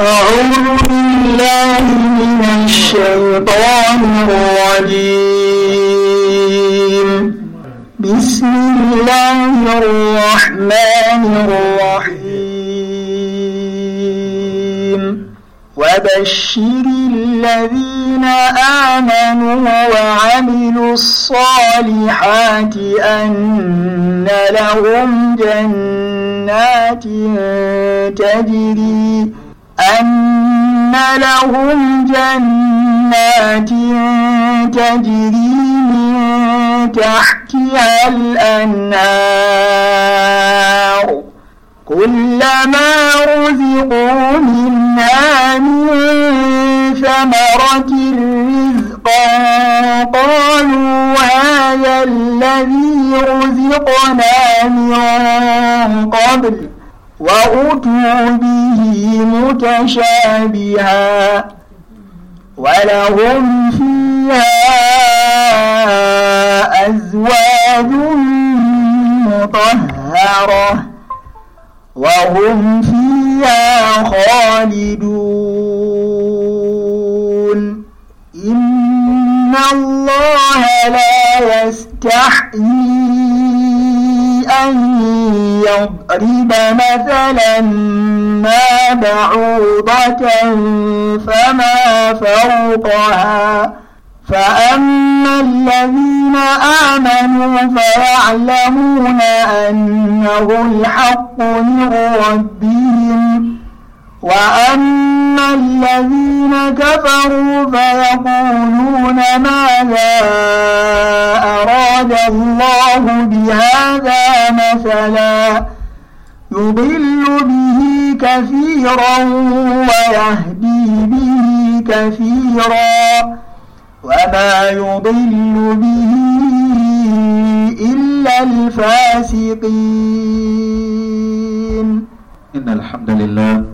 أعوذ بالله من الشيطان الرجيم بسم الله الرحمن الرحيم وبشر الذين آمنوا وعملوا الصالحات أن لهم جنات تجري أن لهم جنات تجري من تحتها الأنهار كلما رزقوا منها من ثمرة رزقا قالوا هذا الذي رزقنا من قبل وأتوا به متشابها ولهم فيها أزواج مطهرة وهم فيها خالدون إن الله لا يستحيي أن يضرب مثلا ما بعوضة فما فوقها فأما الذين آمنوا فيعلمون أنه الحق من ربهم وأما الذين كفروا فيقولون ماذا أراد الله بهذا مثلا يضل به كثيرا ويهدي به كثيرا وما يضل به إلا الفاسقين إن الحمد لله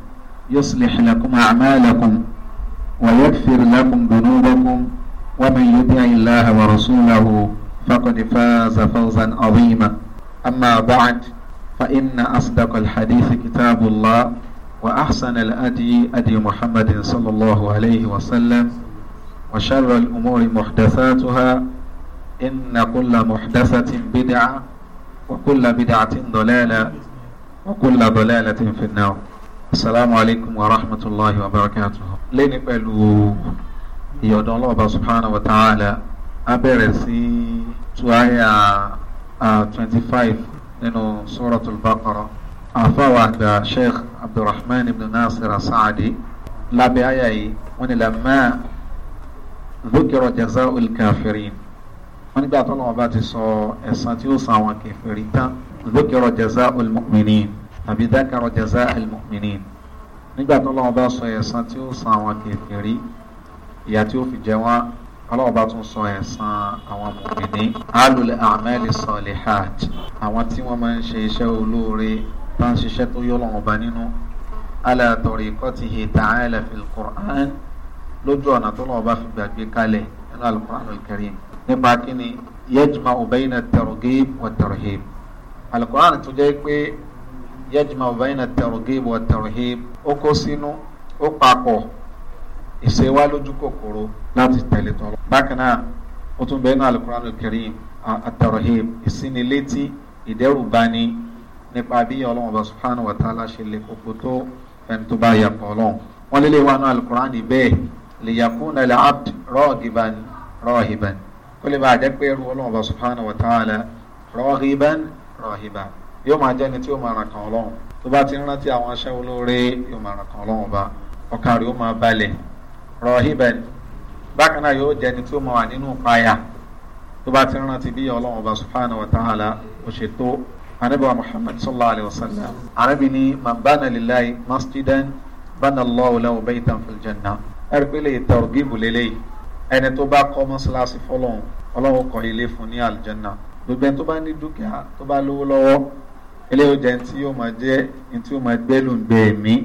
يصلح لكم أعمالكم ويغفر لكم ذنوبكم ومن يطع الله ورسوله فقد فاز فوزا عظيما أما بعد فإن أصدق الحديث كتاب الله وأحسن الأدي أدي محمد صلى الله عليه وسلم وشر الأمور محدثاتها إن كل محدثة بدعة وكل بدعة ضلالة وكل ضلالة في النار asalaamu alaykum wa rahmatulahi wa barakatuh. lẹ́ni pẹ̀lú ìyọ̀dọ̀ ọlọ́ọ̀bá subhanahu wa ta'ala a bẹ̀rẹ̀ sí tuwaya twenty five nínú suratul baqara àfàwà àgbà sheikh abdulrahman ibn nasir asaadi lábẹ́ àyà yìí wọ́n ní lamma dhukira jazaa'ul kafirin wọ́n nígbà tó lọ́wọ́ bá ti sọ ẹ̀san tí ó san àwọn tán dhukira jazaa'ul mu'minin àbí dákàrọ̀ jaza al-mu'minin nígbà tó lọ́wọ́ bá sọ ẹ̀san tí ó san àwọn kèfèrí ìyà tí ó fi jẹ wọ́n ọlọ́wọ́ bá tún sọ ẹ̀san àwọn mùmìnì alùlẹ̀ àmẹ́lì sọ̀lìhàt àwọn tí wọ́n máa ń ṣe iṣẹ́ olóore bá ń ṣiṣẹ́ tó yọ lọ́wọ́ bá nínú ala tariqatihi ta'ala fil Qur'an lójú ọ̀nà tó lọ́wọ́ bá fi gbàgbé kalẹ̀ nínú al-Qur'an nípa kíni yajma'u bayna at-targhib wat yajma bayna targhib wa tarhib ó kó sínú ó papọ̀ ìṣèwá lójú kòkòrò láti tẹ̀lé tọ́lọ́. bákan náà ó tún bẹ́ẹ̀ náà al-Qur'an al-Karim at-tarhib ìsínilétí ìdẹ́rùbani nípa bí ọlọ́run bá subhanahu wa ta'ala ṣe lè kókó tó ẹni tó bá yàpọ̀ ọlọ́run. wọ́n lé lè wá náà bẹ́ẹ̀ li yakuna al-abd raghiban rahiban kó lè ọlọ́run bá subhanahu wa ta'ala raghiban rahiban yóò máa jẹ́ni tí ó máa ràn kàn ọlọ́run tó bá ti ń rántí àwọn aṣẹ́ olóore yóò máa ràn kàn ọlọ́run bá ọkàn rẹ̀ ó máa balẹ̀ rọ̀híbẹ̀n bákan náà yóò jẹ́ni tí ó máa wà nínú ìpayà tó bá ti ń rántí bí ọlọ́run bá subhanahu wa ta'ala ó ṣe tó anabi wa muhammad sallallahu alayhi wa sallam arabi ni man bana lillahi masjidan bana allahu lahu baytan fil janna ẹ̀rí lè tọrọ gíìmù lélẹ́yìí ẹni tó bá kọ́ mọ́ṣáláṣí fọlọ́run ọlọ́run kọ́ ilé fún ní aljanna gbogbo ẹni tó bá ní dúkìá tó bá lówó lọ́wọ́ eléyìí ó jẹ́ tí ó máa jẹ́ tí ó máa gbẹ́lù ń bẹ́ẹ̀ mí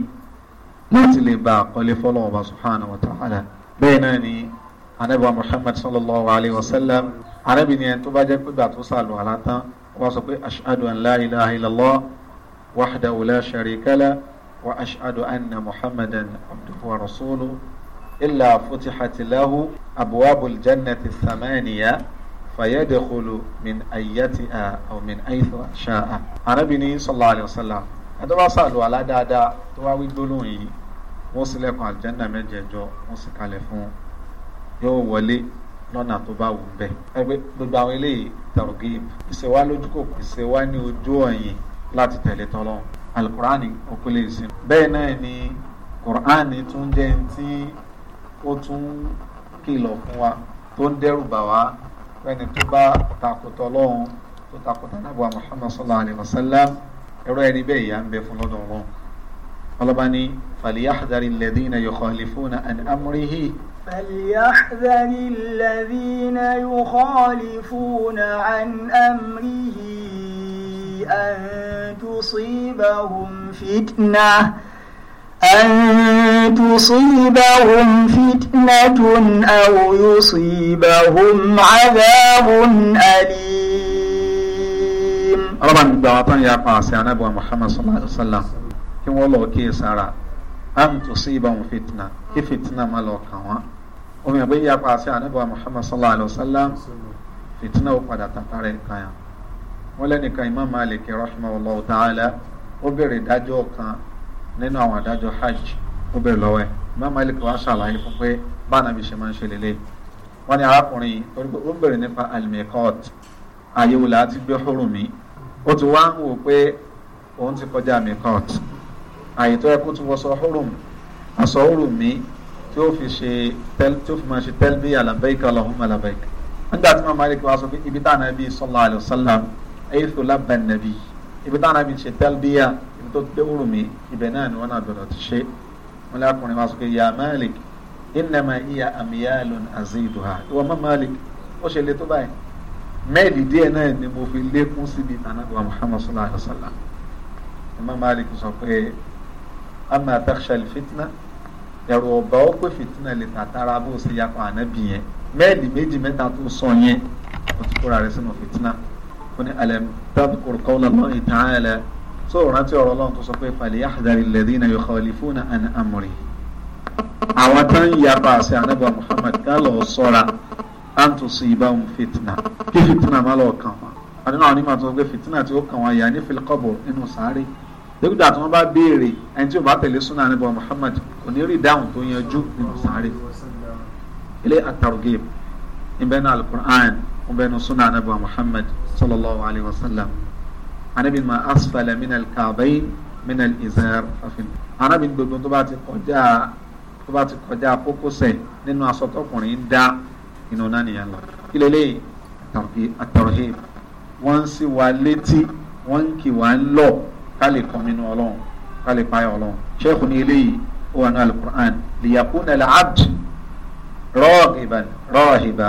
láti lè ba àkọlé fọlọ́wọ́ bá subhanahu wa ta'ala bẹ́ẹ̀ náà ni anabiwa muhammad sallallahu alayhi wa sallam arábìnrin tó bá jẹ́ pé gbà tó sàlù àlátán ó bá sọ pé ashadu an la ilaha illallah wahdahu la sharika wa ashadu anna muhammadan abduhu wa rasuluhu illa futihati lahu abwabul jannati thamaniya fayadkhulu min ayyatiha aw min aythu sha'a arábìnrin sallallahu alayhi wa sallam adọ́wà sàlù aládáadáa tó wá wí gbólóhùn yìí wọ́n ṣílẹ̀kùn àlùjánnà mẹ́jẹ̀ẹ̀jọ wọ́n sì kalẹ̀ fún yóò wọlé lọ́nà tó bá wù bẹ́ẹ̀. ẹgbẹ́ gbogbo àwọn eléyìí targhib ìṣèwá lójú kò kò ìṣèwá ní ojú ọ̀yìn láti tẹ̀lé tọ́lọ́ alukurani òkúlẹ̀ ìsìn. bẹ́ẹ̀ náà ni kurani tún jẹ́ tí ó tún kìlọ̀ fún wa tó ń dẹ́rù bà wá fẹ́ni tó bá takùtọ̀ lọ́hùn tó takùtọ̀ náà bọ̀ Muhammad sallallahu alayhi wa sallam ẹ̀rọ ẹni bẹ́ẹ̀ yà ń bẹ fún lọ́dọ̀ wọn. ọlọ́ba ní falyahdari alladhina yukhalifuna an amrihi. falyahdari alladhina yukhalifuna an amrihi an tusibahum fitnah. أن تصيبهم فتنة أو يصيبهم عذاب أليم ọlọ́ba ní gbà wá tán ya pa àṣẹ anábọ̀ Muhammad sallallahu alayhi wa sallam kí wọ́n lọ kí sara an tusibahum fitna kí fitna má lọ kàn wọ́n omi àgbẹ̀ ya pa àṣẹ anábọ̀ Muhammad sallallahu alayhi wa sallam fitna ó padà tàkà rẹ̀ kàn yàn wọ́n lẹ́nìkan Imam Malik rahmanulahu ta'ala ó bèrè ìdájọ́ kan nínú àwọn àdájọ́ hajj ó bẹ̀rẹ̀ lọ́wọ́ ẹ̀ Imam Malik wá ṣàlàyé fún pé báwọn àbí ṣe máa ń ṣe lélẹ̀ wọ́n ní arákùnrin yìí torí pé ó ń bèrè nípa al-miqat àyẹ̀wò láti gbé hórùn mi ó ti wá ń wò pé òun ti kọjá miqat àyè tó ti wọṣọ hórùn aṣọ hórùn mi tí ó fi ṣe tí ó fi máa ṣe talbiya labbayka Allahumma labbayka nígbà tí Imam Malik wá sọ pé ibi táwọn àbí sallallahu alaihi wasallam ayé tó nàbí ibi táwọn àbí ṣe talbiya tó dé Urumi ibẹ̀ náà ni wọ́n náà gbọ́dọ̀ ti ṣe wọ́n lákùnrin wa sọ pé ya Malik innama iya amiyalun aziduha ìwọ mọ́ Malik ó ṣe lè tó báyìí mẹ́ẹ̀lì díẹ̀ náà ni mo fi lékún síbi tànàbà Muhammad sallallahu alayhi wa sallam Imam Malik sọ pé ama takshal fitna ẹ̀rù ọ̀bà ó pé fìtínà lè tàtàrà bó ṣe yapa ànábì yẹn mẹ́ẹ̀lì méjì mẹ́ta tó sọ yẹn ó ti kóra rẹ̀ sínú fìtínà ó ní alam tadhkur qawla Allahi ta'ala so rántí ọ̀rọ̀ ọlọ́run tó sọ pé falyahdhari alladhina yukhalifuna an amri àwọn tó ń yapa àṣẹ anábà Muhammad ká lọ sọ́ra an tusibahum fitna kí fitna má lọ kàn wọ́n àdínà àwọn onímọ̀ tó sọ pé fitna tí ó kàn wọ́n yà ní fil qabr sáré dókítà tí wọ́n bá béèrè ẹni tí ó bá tẹ̀lé súnà anábà Muhammad kò ní rí dáhùn tó yanjú nínú sáré ilé at ìbẹ́nu al ìbẹ́nu súnà anábà Muhammad sallallahu alayhi wa sallam anabi ma asfala minal kaabain minal izar afin anabi gbogbo tó bá ti kọjá tó bá ti kọjá kókósẹ̀ nínú aṣọ tọkùnrin ń dá inú náà nìyẹn lọ kí lélẹ́yìn tàbí àtọ̀rọ̀hìn wọ́n ń sì wá létí wọ́n ń kì wá ń lọ ká lè kọ́ minú ọlọ́run ká lè payọ̀ ọlọ́run sheikh ní eléyìí ó wà ní alukur'an liyakuna al-abd rọ́ọ̀hìbàn rọ́ọ̀hìbà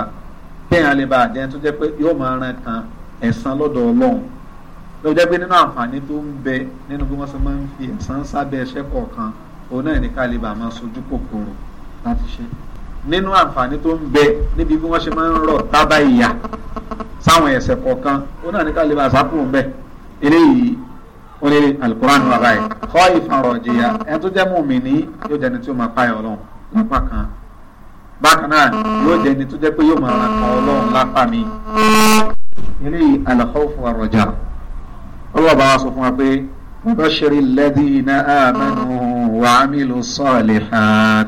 bẹ́ẹ̀ alẹ́ bá àjẹ́ tó jẹ́ pé yóò máa rán kan ẹ̀san lọ́dọ̀ ọlọ́run ló jẹ́ pé nínú àǹfààní tó ń bẹ nínú bí wọ́n ṣe máa ń fi ẹ̀san sábẹ́ ẹṣẹ́ kọ̀ọ̀kan òun náà ní ká lè bàa máa sojú kòkòrò láti ṣe nínú àǹfààní tó ń bẹ níbi bí wọ́n ṣe máa ń rọ̀ tábà ìyà sáwọn ẹ̀ṣẹ̀ kọ̀ọ̀kan òun náà ní ká lè bàa sápò ń bẹ eléyìí wọ́n lé alukur'an wà báyìí kọ́ ìfarọ̀jìyà ẹni tó jẹ́ mùmíní yóò jẹ́ ẹni tí ó máa páyọ̀ ọlọ́run lápá kan bákan náà yóò jẹ́ ẹni tó jẹ́ pé yóò máa ràn kan ọlọ́run lápá mi eléyìí alakọ́fọ̀ àrọ̀jà الله sọ fún مبشر الذين آمنوا وعملوا الصالحات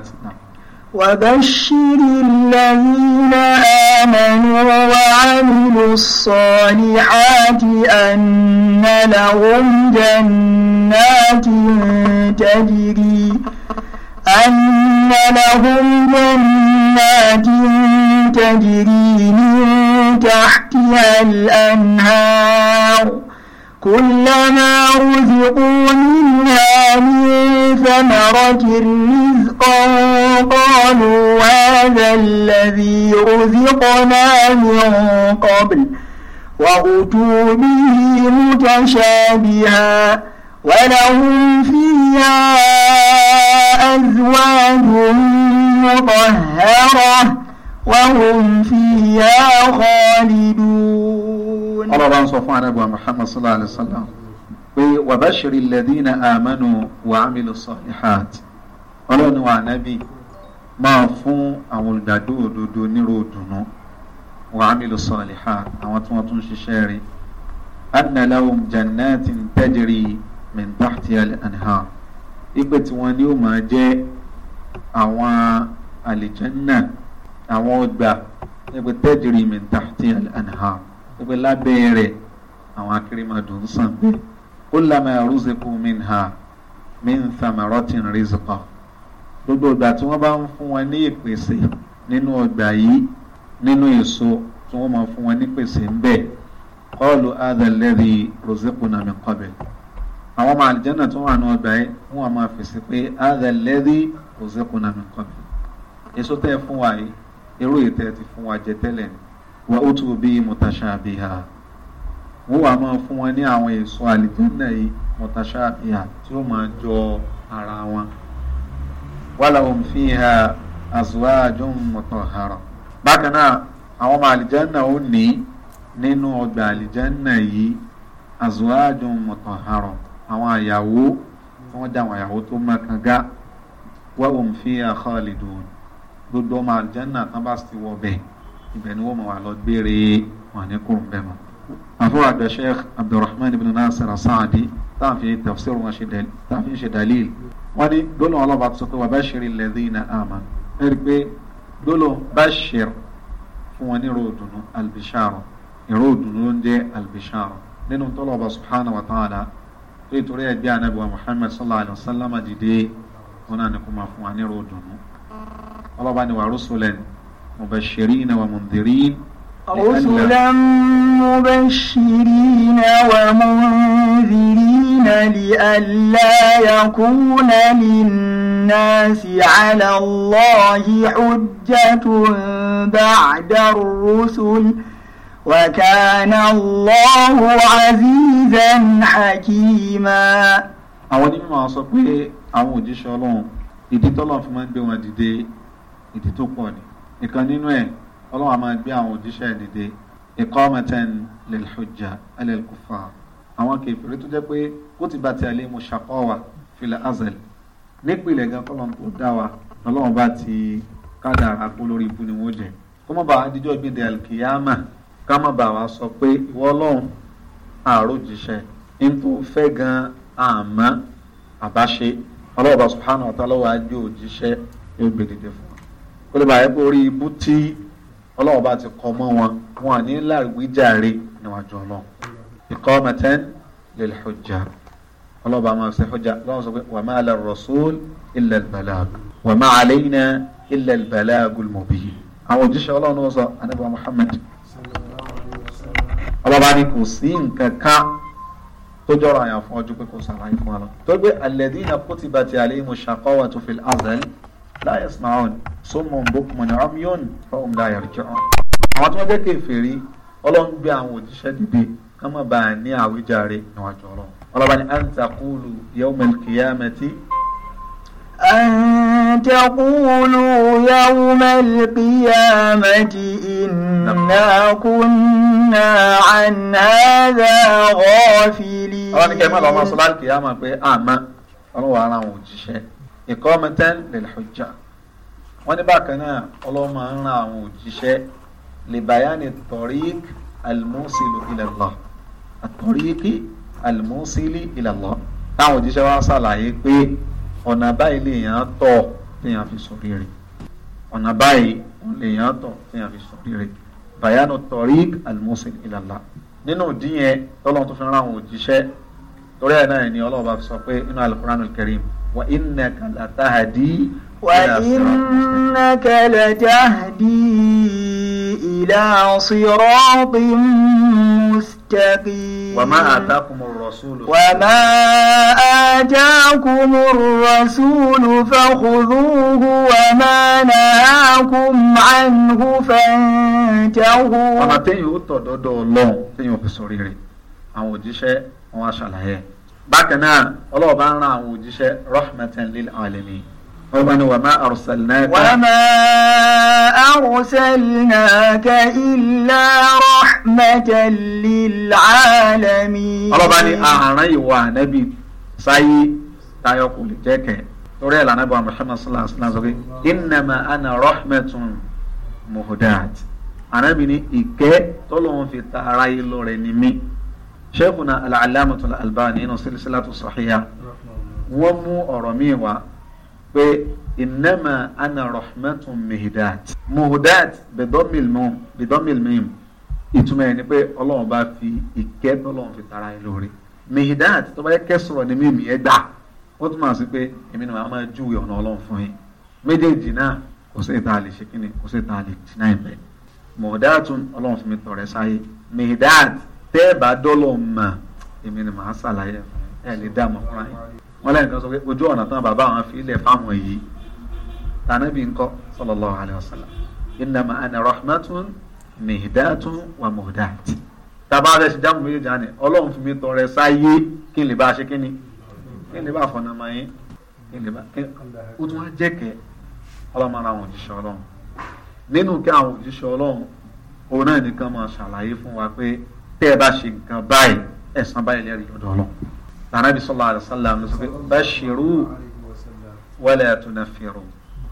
وبشر الذين آمنوا وعملوا الصالحات أن لهم جنات تجري أن لهم جنات تجري من تحتها الأنهار كلما رزقوا منها من ثمرة رزقا قالوا هذا الذي رزقنا من قبل وأتوا به متشابها ولهم فيها أزواج مطهرة وهم فيها خالدون ariwo ní. ọlọ́run sọ fún anábọ̀ muhammad sallallahu alayhi wa sallam pé wàbáṣirí lẹ́dínà àmánu wà á mi lọ sọ ìhàt ọlọ́run wà nábì máa fún àwọn olùdàdó òdodo nírò dùnú wà á mi lọ sọ ìhàt àwọn tí wọ́n tún ṣiṣẹ́ rí anna lahum jannatin tajri min ipe tí wọ́n ní ó máa jẹ́ àwọn àlìjẹ́nnà àwọn ọgbà ẹgbẹ́ tajri min tahtiha pé lábẹ́ rẹ̀ àwọn akérèmọdò ń sàn pé kullama ruziqu minha min thamaratin rizqa gbogbo ìgbà tí wọ́n bá ń fún wọn ní ìpèsè nínú ọgbà yìí nínú èso tí wọ́n máa fún wọn ní pèsè ń bẹ qalu hadha na ruziquna min qabl àwọn ọmọ àlìjẹ́nà tó wà ní ọgbà yìí wọ́n máa fèsì pé hadha alladhi èso tẹ́ fún wà ó tù bí mutashabiha wọ́n wàá máa fún wọn ní àwọn èso àlìjẹ́nà yìí mutashabiha tí ó máa jọ ara wọn walahum fiha azwajun mutahhara bákan náà àwọn ọmọ àlìjẹ́nà ó ní nínú ọgbà àlìjẹ́nà yìí azwajun mutahhara àwọn àyàwó tí wọ́n dá àwọn àyàwó tó mọ́ kanga wa hum fiha khalidun gbogbo ọmọ àlìjẹ́nà tán bá sì wọ bẹ́ẹ̀ ibẹ̀ ni wọ́n mọ̀ wá lọ gbére wọn ní kúrò bẹ́ẹ̀ mọ́. àfọwọ́ àgbà sheikh abdulrahman ibn nasir saadi táàfin tafsir wọn táàfin ṣe dalil wọn ní gbólóhùn ọlọ́ba tó sọ pé wà bá ṣeré lẹ́dínà àmà ẹ rí i pé gbólóhùn bá ṣer fún wọn ní ròdùnú albisharo ìròdùnú ló ń jẹ́ albisharo nínú tọ́lọ́ba subhanahu wa ta'ala nítorí ẹgbẹ́ anábìwá muhammad sallallahu alayhi wa sallam dìde wọn náà ní kó máa fún wa ní ròdùnú ọlọ́ba ni wà rúṣùlẹ̀ ni. مبشرين ومنذرين رسلا مبشرين ومنذرين لئلا يكون للناس على الله حجة بعد الرسل وكان الله عزيزا حكيما àwọn onímọ̀ sọ pé àwọn òjíṣẹ́ ọlọ́run ìdí tọ́lọ́ fún máa ń gbé wọn dìde ìdí tó pọ̀ ni ìkan nínú ẹ̀ ọlọ́run a máa gbé àwọn òjíṣẹ́ dìde iqamatan lil hujja ala al kuffar àwọn kèfèrí tó jẹ́ pé kutibat alayhimu shaqawa fil azal nípìnlẹ̀ gan kọ́lọ́n tó dá wa ọlọ́run bá ti kádàrá kó lórí ibú ni wọ́n jẹ kó má bàa díjọ́ gbìndé alkiyama ká má bàa wá sọ pé ìwọ ọlọ́run àròjìṣẹ́ nítorí ó fẹ́ gan àmọ́ àbáṣe ọlọ́run subhanahu wa ta'ala wàá jẹ́ òjíṣẹ́ yóò fún wa kó lè bàa yẹ pé orí ibú tí ọlọ́run bá ti kọ́ mọ́ wọn wọn ní lágbèjàre níwájú ọlọ́run iqamatan lil hujja ọlọ́run bá máa ṣe hujja lọ́wọ́ sọ pé wa ma ala rasul illa al balag wa ma alayna illa al balagul mubin àwọn òjíṣẹ́ ọlọ́run ló sọ anábà muhammad ọlọ́ba ni kò sí nǹkan kan tó jọrọ àyàn ọjọ́ pé kò sàlàyé fún wa lọ tó gbé alladhina kutibat لا yasma'un summun بكم umyun fahum la yarji'un. àwọn tí wọ́n jẹ́ kèfèrí ọlọ́run gbé àwọn òjíṣẹ́ dìde ká má bàa ní àwíjàre níwájú ọlọ́run. ọlọ́ba ni an taqulu yawmal qiyamati. أن تقولوا يوم القيامة إنا كنا عن هذا غافلين. ọlọ́run ní kẹ́mi ọlọ́run sọ́lá kìí àmọ̀ pé àmọ́ ọlọ́run wàá àwọn òjíṣẹ́ iqamatan lil hujja wọ́n ní bákan náà ọlọ́run máa ń ran àwọn òjíṣẹ́ li bayani tariq al-musilu ila Allah at-tariq al-musili ila Allah táwọn òjíṣẹ́ wa ṣàlàyé pé ọ̀nà báyìí lèèyàn tọ̀ téèyàn fi sọ rírì ọ̀nà báyìí lèèyàn tọ̀ téèyàn fi sọ rírì bayanu tariq al-musil ila Allah nínú ìdíyẹn tọ́lọ́run tó fi ran àwọn òjíṣẹ́ torí ẹ̀ náà ni ọlọ́run وإنك لتهدي وإنك لتهدي إلى صراط مستقيم وما آتاكم الرسول وما آتاكم الرسول فخذوه وما نهاكم عنه فانتهوا. ọ̀nà téèyàn ó tọ̀ dọ́dọ̀ ọlọ́run téèyàn ò fi sọ̀rí rẹ̀ àwọn òjíṣẹ́ wọn á ṣàlàyé bákan náà ọlọ́run bá ń ran àwọn òjíṣẹ́ rahmatan lil alamin ọba ni wàmà arsalnaka. wàmà arsalnaka illa rahmatan lil alamin. ọlọ́ba ni àrùn ìwà ànábì sáyé táyọ̀ kò lè jẹ́ kẹ́ torí ẹ̀ lànà bọ̀ Muhammad sallallahu alaihi wasallam sọ pé innama ana ànábì ni ìkẹ́ tọ́lọ́run fi ta ara yìí lọ́rẹ̀ ni mí sheikhuna al-allamatu al-albani nínú silsilatu sahiha wọ́n mú ọ̀rọ̀ míì wá pé innama ana rahmatun mihdat muhdat bidomil mim ìtumọ̀ ẹ̀ ni pé ọlọ́run bá fi ìkẹ́ tọ́lọ́run fi tara ẹ lórí mihdat tó bá yẹ kẹsọ̀rọ̀ ni mímì ẹ gbà ó túmọ̀ sí pé èmi ni màá máa júwe ọ̀nà ọlọ́run fún yín méjèèjì náà kò sí ìta lè ṣe kí ni kò sí ìta lè ṣe náà ìbẹ̀ muhdatun ọlọ́run fi mi tọ̀rẹ́ sáyé mihdat bẹ́ẹ̀ bá dọ́lọ̀ mà èmi ni màá ṣàlàyé ẹ̀ lè dá mọ̀ fúnra yín wọn lẹ́yìn kan sọ pé ojú ọ̀nà tán bàbá àwọn fi ilẹ̀ fáwọn yìí tànàbí ńkọ́ sallallahu alayhi wa sallam innama ana rahmatun mihdatun wa muhdat tábà rẹ̀ ṣe dáhùn méjèèjì àná ọlọ́run fún mi tọrẹ sáyé kí n lè bá a ṣe kí ni kí n lè bá a fọ̀nà mọ́ yín kí n lè bá ó tún wá jẹ́kẹ́ ọlọ́run ara àwọn òjíṣẹ́ ọlọ́run nínú kí àwọn òjíṣẹ́ ọlọ́run òun náà nìkan máa ṣàlàyé fún wa pé tẹ́ ẹ bá ṣe nǹkan báyìí ẹ̀san báyìí lẹ́rìí lọ́dọ̀ ọlọ́ lànàbí sallallahu alaihi wasallam ló sọ pé bashiru wala tunaffiru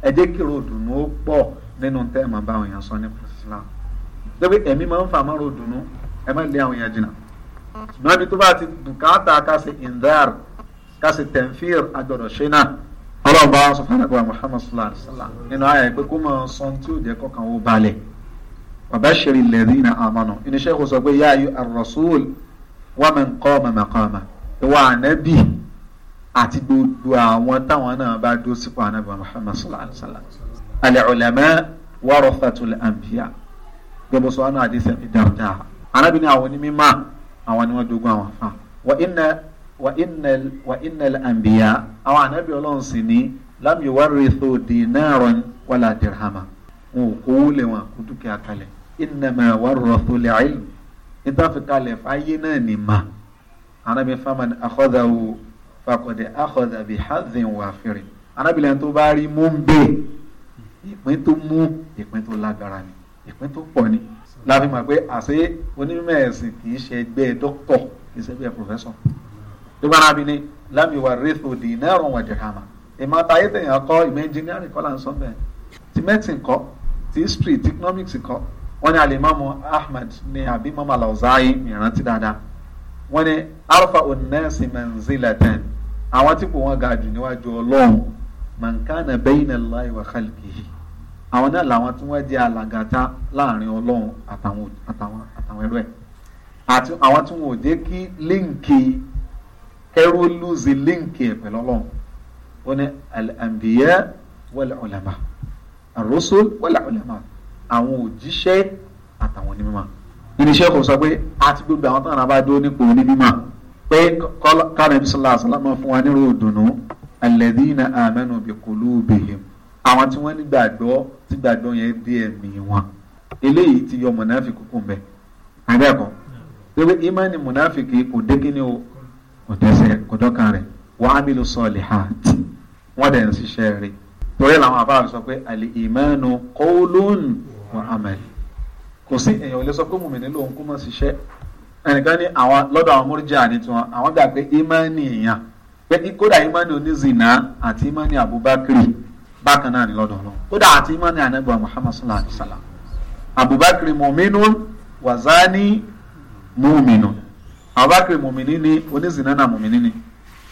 ẹ jẹ́ kí ròdùnú ó pọ̀ nínú tẹ́ ẹ máa bá àwọn èèyàn sọ nípa Islam débi ẹ̀mí máa ń fà má ròdùnú ẹ má lé àwọn èèyàn jìnnà ṣùgbọ́n ibi tó bá ti bùkátà ká ṣe indar ká ṣe tẹ̀fíìr agbọ̀dọ̀ ṣe náà ọlọ́run bá wa sọ fún àdàgbà fàbáṣẹ̀rì lẹ́rìnà àmọ́nà iníṣẹ́ kò sọ pé yá ayú ar-rasul wa man qama maqama ìwà ànábì àti gbogbo àwọn táwọn náà bá dó sípò ànábì muhammad sallallahu alayhi wa sallam al-ulama warathatul anbiya gbogbo sọ wọn àdìsẹ́ mi dáadáa ànábì ní àwọn onímọ̀ àwọn ni wọ́n dogun àwọn afa wa inna wa inna wa inna al-anbiya àwọn ànábì ọlọ́run sì ní lam yuwarrithu dinaran wala dirhama wọn ò kówó lé wọn kó dúkìá kalẹ̀ innama warrathul ilm nítafìkalẹ̀ fáyé náà ní ma anábì faman akhadhahu faqad akhadha bi hazin wafirin anábìlẹ̀ tó bá rí mú ń bè ìpín tó mú ìpín tó lágbára ni ìpín tó pọ̀ ni láfi mọ̀ pé àṣé onímọ̀ ẹ̀sìn kì í ṣe ẹgbẹ́ dókítọ̀ kì í ṣe ẹgbẹ́ pòfẹ́sọ̀ tó bá rábi ni lam yuwarrithu dinaran wa dirhama ìmọ̀ táyé tẹ̀yàn kọ́ ìmọ̀ ẹnjìnírìn kọ́ là bẹ́ẹ̀ ti medicine kọ́ ti history ti economics kọ́ wọ́n ní alimami ahmed ní àbí mama lauzayi mìíràn ti dáadáa wọ́n ní alfa onẹ́sì manzilatan àwọn tí kò wọ́n ga jù níwájú ọlọ́run mankana bẹ́yìn aláì wà kálíkì àwọn náà làwọn tí wọ́n jẹ́ alàgàtà láàrin ọlọ́run àtàwọn àtàwọn àti àwọn tí wọn ò jẹ́ kí líǹkì kẹrù lùzì líǹkì ẹ̀ pẹ̀lú ọlọ́run wọ́n ní al-anbiya wal ulama ar-rusul wal àwọn òjíṣẹ́ àtàwọn onímọ̀ irinṣẹ́ kò sọ pé àti gbogbo àwọn táwọn bá dúró nípò onímọ̀ pé kánàbí sọlá àṣàlá máa fún wa nírò ìdùnnú alladhina amanu bi qulubihim àwọn tí wọ́n nígbàgbọ́ tí gbàgbọ́ yẹn dé ẹ̀mí wọn eléyìí ti yọ mọ̀náfíkì kún bẹ́ẹ̀ àbẹ́ẹ̀kọ́ pé ìmánì mọ̀náfíkì kò dé kíní o kò dẹ́sẹ̀ kò dọ́kan rẹ̀ wa amilu salihat wọ́n dẹ̀ ń ṣiṣẹ́ rẹ̀ torí làwọn afáàfin sọ pé al-imanu qawlun wa amali kò sí èèyàn ilé sọ pé mùmìnì lòun kó mọ̀ ṣiṣẹ́ ẹnìkan ní àwọn lọ́dọ̀ àwọn mọ́rìjà ní tiwọn àwọn gbà pé imani èèyàn pé kódà imani onízìnà àti imani abubakar bákan náà ní lọ́dọ̀ ọlọ́run kódà àti imani anagba muhammad sallallahu alayhi wa sallam abubakar mọ̀mínú wazani mọ̀mínú abubakar mọ̀mínú ni onízìnà náà mọ̀mínú ni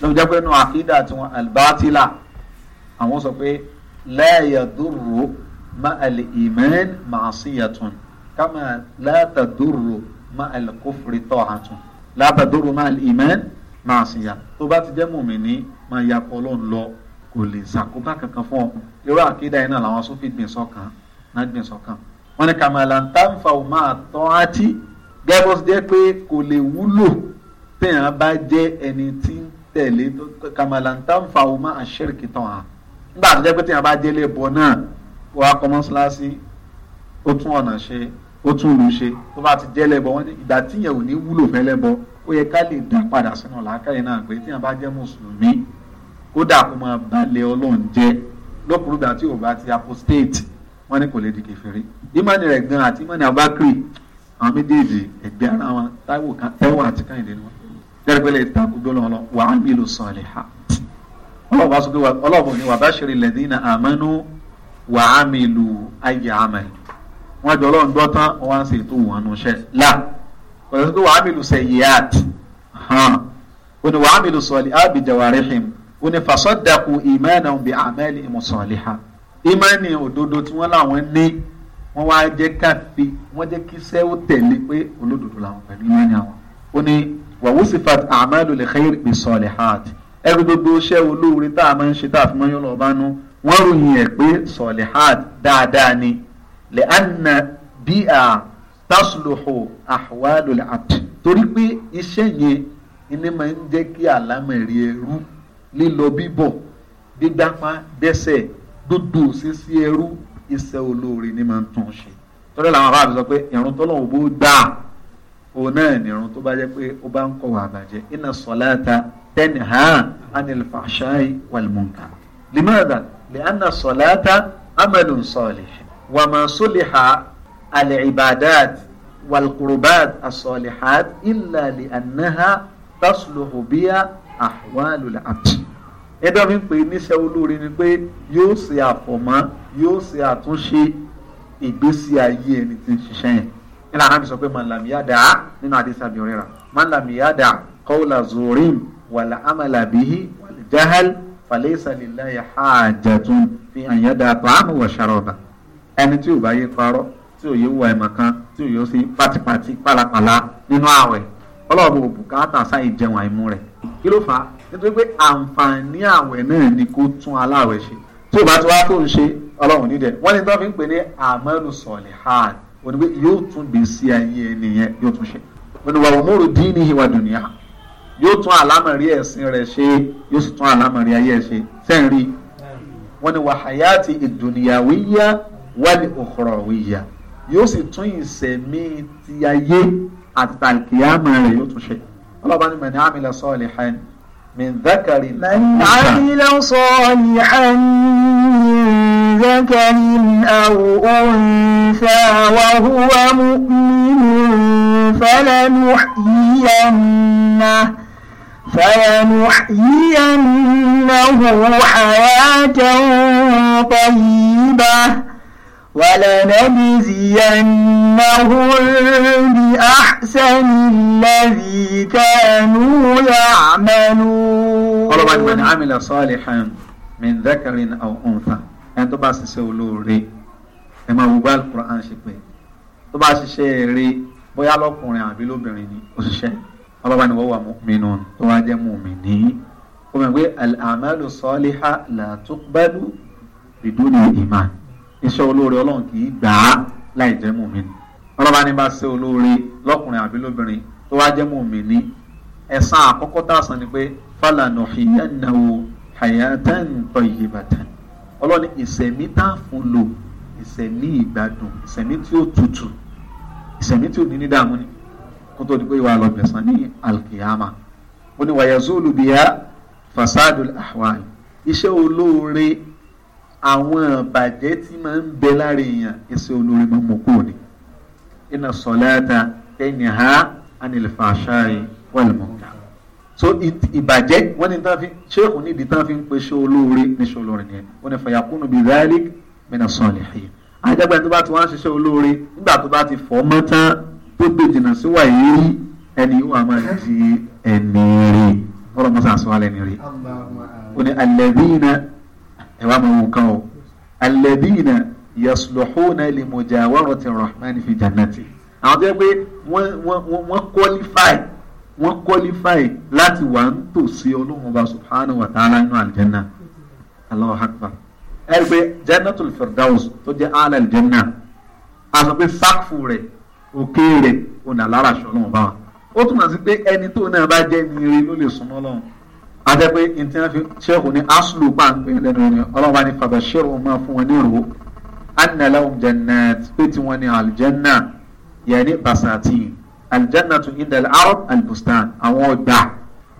lọ́wọ́ jẹ́ pé nù àkídà tiwọn albatila àwọn sọ pé la yadurru. مع الإيمان معصية كما لا تضر مع الكفر طاعة لا تضر مع الإيمان معصية tó bá ti jẹ́ mùmíní máa ya Ọlọ́run lọ kò lè ṣàkóbá kankan fún ọ irú àkídà yìí náà làwọn sófin gbìn sọ́kàn náà gbìn sọ́kàn wọn ni kàmàlà ń tàǹfà ò máa tọ́ àti gẹ́gẹ́ bó ti jẹ́ pé kò lè wúlò téèyàn bá jẹ́ ẹni tí ń tẹ̀lé kàmàlà ń tàǹfà ò máa ṣẹ́rìkì tán à ń gbà tó jẹ́ pé téèyàn bá jẹ́ lẹ́bọ̀ náà wàá kọ́ mọ́ṣáláṣí ó tún ọ̀nà ṣe ó tún lù ṣe tó bá ti jẹ́ lẹ́bọ wọ́n ní ìgbà tíyẹn ò ní wúlò fẹ́ lẹ́bọ ó yẹ ká lè dá padà sínú làákàyè náà pé tíyẹn bá jẹ́ mùsùlùmí kódà kó máa balẹ̀ ọlọ́run jẹ́ lọ́kùnrúgbà tí ò bá ti apostate wọ́n ní kò lè di kèfèrí ìmọ̀ni rẹ̀ gan àti ìmọ̀ni abakiri àwọn méjèèjì ẹ̀gbẹ́ ara wọn táwọn àti káyìndé ni wọn jẹ́rìí pé lè takò lọ wàá mi lò sọ̀lẹ̀ ha ọlọ́ọ̀bá ni wàá bá ṣe rí lẹ́dínà àmánú wà á mi lu ayé àmà yìí wọ́n jọ lọ́n gbọ́ tán wọ́n á sì tó wọn nu iṣẹ́ là kò sí pé wà á mi lu sẹ̀yẹ̀ àt ó ní wà á mi lu sọ̀lì ábì jẹ̀wàrí him ó ní fasọ́dàkù ìmọ̀ẹ́nà bí àmẹ́lì ìmọ̀sọ̀lì ha ìmọ̀ẹ́nì òdodo tí wọ́n láwọn ní wọ́n wá jẹ́ káfí wọ́n jẹ́ kí sẹ́wó tẹ̀lé pé olódodo làwọn pẹ̀lú ìmọ̀ẹ́nì àwọn ó ní wàwùsífàt àmẹ́lù lè xẹ́yìn bí ha ẹ̀rù wọ́n ròyìn ẹ̀ pé sọ̀lìhàt dáadáa ni lè anna bí a tasluhu ahwalul abd torí pé iṣẹ́ yẹn iná máa ń jẹ́ kí àlámẹ̀rí ẹrú lílọ bíbọ̀ gbígbápá dẹ́sẹ̀ gbogbo òṣìṣẹ́ ẹrú iṣẹ́ olóore ni máa ń tún ṣe torí làwọn afáàbí sọ pé ìrun tó lọ́wọ́ bó gbà òun náà ní ìrun tó bá jẹ́ pé ó bá ń kọ̀ wà bàjẹ́ inna salata tanha anil fahshai wal munkar limadha لأن الصلاة عمل صالح وما صلح العبادات والقربات الصالحات إلا لأنها تصلح بها أحوال العبد ẹ̀dọ́ mi ń pè níṣẹ́ olóore ni pé yóò ṣe àfọ̀mọ́ yóò ṣe àtúnṣe ìgbésí ayé ẹni tí ń ṣiṣẹ́ yẹn ní làwọn àmì sọ pé màá làmì yáda nínú àdìsí àbí òrìrà màá làmì yáda kọ́ọ̀là zorin wàlà amàlàbíyí wàlà jahal falaysa lillahi hajatun fi an yada ta'amu wa sharaba ẹni tí ò bá yé parọ́ tí ò yé wà ìmọ̀ kan tí ò yé sí pátipáti pálapàla nínú ààwẹ̀ ọlọ́ọ̀bù bùkátà sáì jẹun àìmú rẹ̀ kí ló fà á nítorí pé àǹfààní ààwẹ̀ náà ni kó tún aláàwẹ̀ ṣe tí ò bá ti wá tó ń ṣe ọlọ́run nídẹ̀ wọ́n ní tó fi ń pè ní amanu solihan òní pé yóò tún gbèsè ayé ẹni yẹn yóò tún ṣe òní wà wọ́n múrò dín ní ìwà dùnìyà yóò tún àlámọ̀rí ẹ̀sìn rẹ̀ ṣe yóò sì tún àlámọ̀rí ayé ẹ̀ ṣe sẹ́ǹrí wọ́n ní wàháyàtì ìdùnnìyàwíyá wálé òkòròwíyá yóò sì tún ìsẹ̀mí ti ayé àti tàlkìyàmọ̀ rẹ̀ yóò tún ṣe ọlọ́ba ní mẹ́ni àmì lọ́sọ̀ ọ̀lẹ̀ hàn من ذكر من عمل صالحا من ذكر أو أنثى وهو مؤمن فلنحيينه فلنحيينه حياة طيبة ولنجزينهم بأحسن الذي كانوا يعملون قال من عمل صالحا من ذكر أو أنثى ẹni tó bá ṣiṣẹ́ olóore ẹ máa wo bá alukur'an ṣe pé tó bá ṣiṣẹ́ eré bóyá lọ́kùnrin àbí lóbìnrin ni òṣìṣẹ́ ọlọ́ba ni wọ́n wà mu'minun tó wá jẹ́ mu'mini ó mọ̀ pé al-a'malu saliha la tuqbalu biduni iman iṣẹ́ olóore ọlọ́run kì í gbà á láì jẹ́ mu'mini ọlọ́ba ni bá ṣe olóore lọ́kùnrin àbí lóbìnrin tó wá jẹ́ mu'mini ẹ̀san àkọ́kọ́ tá a san ni pé falanuhiyannahu hayatan tayyibatan ọlọ́ni ìṣẹ̀mí tá a fún lò ìṣẹ̀mí ìgbádùn ìṣẹ̀mí tí ó tutù ìṣẹ̀mí tí ò ní ní dààmú ni kótó ni pé wà lọ gbẹ̀sán ní alkiyama ó ní wàyàzóòlù bíyà fasadul ahwal iṣẹ́ olóore àwọn àbàjẹ́ tí máa ń bẹ lára èèyàn iṣẹ́ olóore máa ń mú kúrò iná sọ̀láta ẹ̀yìn ha anilfàṣáì wal so ìbàjẹ́ wọ́n ní tán fi ṣéèkù níbi tán fi ń pe iṣẹ́ olóore níṣẹ́ olóore nìyẹn wọ́n ní fàyàkúnnù bíi dhalik mina salihin. àjẹgbẹ́ tó bá ti wá ń ṣiṣẹ́ olóore nígbà tó bá ti fọ́ mọ́ tó gbé jìnnà sí wà yìí ẹni wà máa di ẹni rí ọlọ́run mọ́sá sọ alẹ́ ni rí ó ní alẹ́bíyìnà ẹ̀wà máa wù kán o alẹ́bíyìnà yasluhuna limujawarati rahman fi jannati àwọn tó pé wọ́n qualify wọ́n qualify láti wà ń tòsí ọlọ́run ọba subhanahu wa ta'ala nínú aljanna Allahu akbar ẹ̀rí pé jannatul firdaus tó jẹ́ alal janna a sọ pé sákfù rẹ̀ òkè rẹ̀ òní àlára ṣọlọ́run bá wa ó túmọ̀ sí pé ẹni tó náà bá jẹ́ ní eré ló lè súnmọ́ lọ́run àti pé ntí wọn fi ṣẹ́kù ní aṣọ pàǹpẹ́ lẹ́nu ni ọlọ́wà ní fàbàṣẹ́rù máa fún wọn ní ìrò annalahum jannat pé tí wọ́n ní aljanna yẹni basati aljanna tún inda al-arab al àwọn ọgbà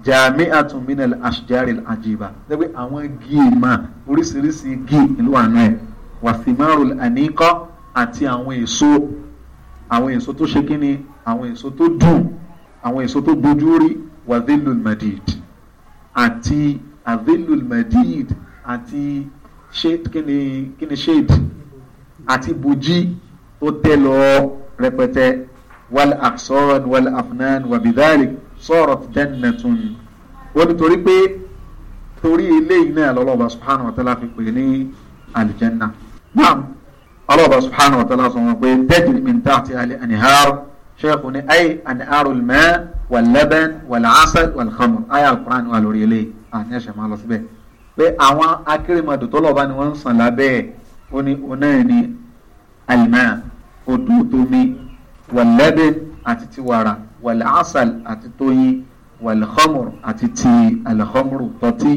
jami'atun min al-ashjar ajiba lẹ́gbẹ́ àwọn géèmà oríṣiríṣi géè ìlú àná ẹ̀ wàsímárù àníkọ́ àti àwọn èso àwọn èso tó ṣe kíni àwọn èso tó dùn àwọn èso tó gbojú rí wazilul madid àti azilul madid àti shade kíni kíni shade àti bòjí tó tẹ́ lọ rẹpẹtẹ wal aksoran wal afnan wabidhalik sọ̀rọ̀ jannatun wọ́n nítorí pé torí eléyìí náà lọ́lọ́ba subhanahu wa ta'ala fi pè ní aljanna. Allah subhanahu wa ta'ala sọ wọn pé tajri min tahti al-anhar ṣẹ́kù ní ayé anhar al-ma' wal-laban wal-'asal wal-khamr ayé al-Qur'an wà lórí ilé àti ẹ̀ṣẹ̀ máa lọ síbẹ̀ pé àwọn akérèmọdò tó lọ́ba ni wọ́n ń sàn lábẹ́ ẹ̀ onáà ní al-ma' odò àti ti wàrà àti tóyin wal àti ti al tọ́tí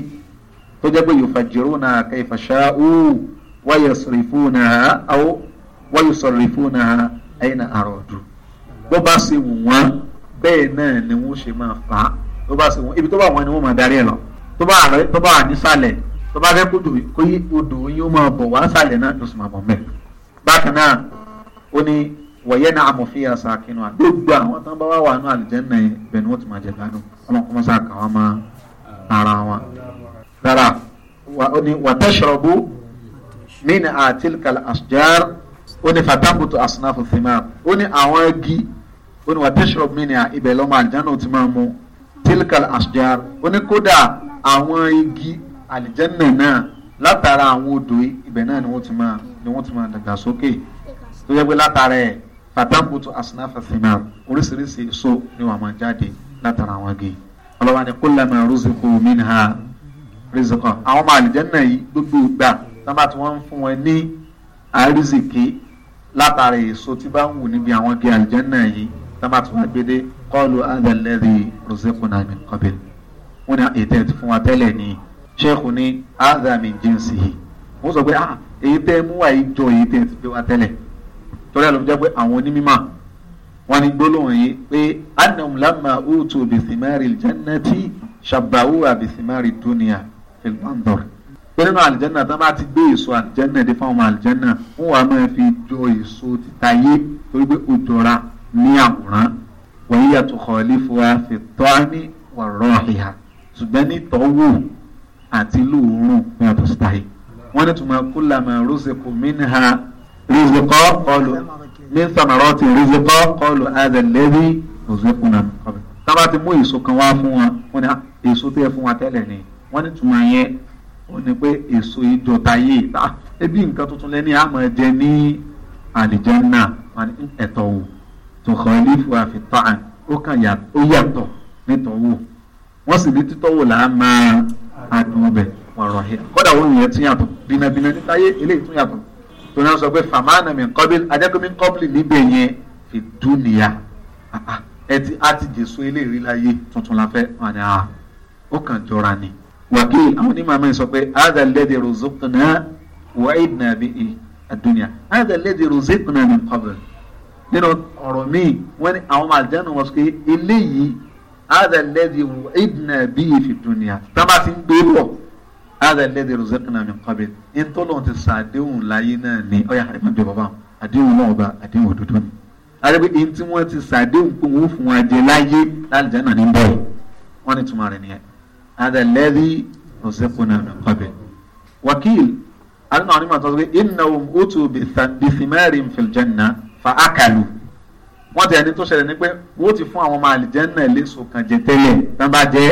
tó jẹ́ pé yufajjiruna kayfa sha'u wayasrifunaha aw wayusrifunaha ayna aradu bó bá ṣe wù wọ́n bẹ́ẹ̀ náà ni wọ́n ṣe máa fà á tó bá ṣe wọ́n ibi tó bá wọn ni wọ́n máa darí ẹ̀ lọ tó bá rẹ tó bá wà nísàlẹ̀ tó bá fẹ́ kódò kó yí odò yín ó máa bọ̀ wá sàlẹ̀ náà ló sì máa bọ̀ mẹ́. bákan náà ó ní wọ̀yẹ́ náà àmọ̀fin àṣà kinu àti gbogbo àwọn tó ń bá wà wà nù àlùjẹ́nà yẹn bẹ́ẹ̀ ni wọ́n ti máa jẹ gbádùn ọlọ́kùnrin sáà kà wọ́n máa ara wọn. rárá ó ní wàtẹ́sọ̀rọ̀ bó min atilkal asjar ó ní fatakutu asnafu thimam ó ní àwọn igi ó ní watashrob mi ni ibẹ̀ lọ́mọ àlìjáná ti máa mu tilkal asjar ó ní kódà àwọn igi àlìjáná náà látara àwọn odò ibẹ̀ náà ni wọ́n ti máa ni wọ́n ti máa dàgbà sókè yẹ pé látara ẹ̀ fatakutu asnafu thimam oríṣiríṣi èso ni wọ́n máa jáde látara àwọn igi ọlọ́wà ni kullama ruziqu minha rizqa àwọn ọmọ àlìjáná yìí gbogbo gbà tábà tí wọ́n ń fún wọn ní àrísìkí látara èso tí bá ń wù níbi àwọn igi àlùjànnà yìí tábà tí wọ́n gbé dé kọ́ọ̀lù alẹ́lẹ́rì rọ́sẹ́kùnà kọ́bẹ̀ wọ́n ní ah, ètò ẹ̀ ti fún wa tẹ́lẹ̀ ní sheikh ní azami jíǹsì yìí wọ́n sọ pé ah èyí tẹ́ mú wa yìí jọ èyí tẹ́ ti gbé wa tẹ́lẹ̀ torí ẹ̀ ló jẹ́ pé àwọn onímọ̀ wọn ni gbólóhùn yìí pé anam utu bisimari jannati shabawu abisimari dunia filmandor pẹ̀lú àlìjẹ́nà tó bá ti gbé èso àlìjẹ́nà dé fáwọn àlìjẹ́nà wọ́n wàá máa fi jọ èso títa yé torí pé ó jọra ní àwòrán wọ́n yíyà tó kọ́ ilé fún wa fi tọ́ á ní wọ̀rọ̀ ìhà ṣùgbọ́n ní tọ́wò àti lóòórùn ní ọ̀tọ̀ síta yìí wọ́n ní tùmọ̀ kó làmà rọ́sẹ̀kù mínà rìzìkọ́ kọlù ní sàmàrọ́tì rìzìkọ́ kọlù àdàlẹ́bí rọ́sẹ̀kù nà kọ́bẹ̀. tábà ti mú èso kan wá fún wọn wọ́n ní ah, èso tó yẹ fún wa tẹ́lẹ̀ ni wọ́n ní tùmọ̀ yẹn ó ní pé èso ìdọ̀tayé ebi nǹkan tuntun lẹ́ni àmọ́ jẹ ní àlìjẹ́nà ẹ̀tọ́ wò tó kàn lífù àfitọ́ àn ó kàn yàtọ̀ nítọ̀ wò wọ́n sì ní títọ́ wò láà máa àdùn ọbẹ̀ wọn rọ̀ yẹ kódà wọn yẹn tún yàtọ̀ bínabíná níta yé eléyìí tún yàtọ̀ tó náà sọ pé fàmánà mi kọ́bí ajẹ́kọ́bí kọ́bí níbẹ̀ yẹn fi dúnìyà ẹ ti á ti jèso eléyìí láyé tuntun la fẹ́ wọn ni ó kàn jọra ni wàkíl àwọn onímọ̀ àmọ́ sọ pé ada lẹ́dí rọ̀zọ́kùnà wàhíd náà bí i àdúnyà ada lẹ́dí rọ̀zọ́kùnà ní pọ̀bẹ̀ nínú ọ̀rọ̀ míì wọ́n ní àwọn àlùjànnú wọ́n sọ pé eléyìí ada lẹ́dí wàhíd náà bí i fi dúnyà tábà ti ń gbé bọ̀ ada lẹ́dí rọ̀zọ́kùnà ní pọ̀bẹ̀ ntọ́lọ́n ti sàdéhùn láyé náà ní ọ̀yà àdéhùn bàbá àdéhùn náà ọba àdéhùn òdodo ni àdébí èyí tí wọ́n ti sàdéhùn pé wọ́n fún wa jẹ láyé láàlùjànnú ní bọ́ọ̀lù wọ́n ní túmọ̀ rẹ̀ nìyẹn هذا الذي رزقنا من قبل وكيل أنا أعلم إنهم أتوا بثمار في الجنة فأكلوا wọ́n ti ẹni tó ṣẹlẹ̀ ní pé wọ́n ti fún àwọn ọmọ àlìjẹ́nà léṣo kan jẹ tẹ́lẹ̀ tán bá jẹ́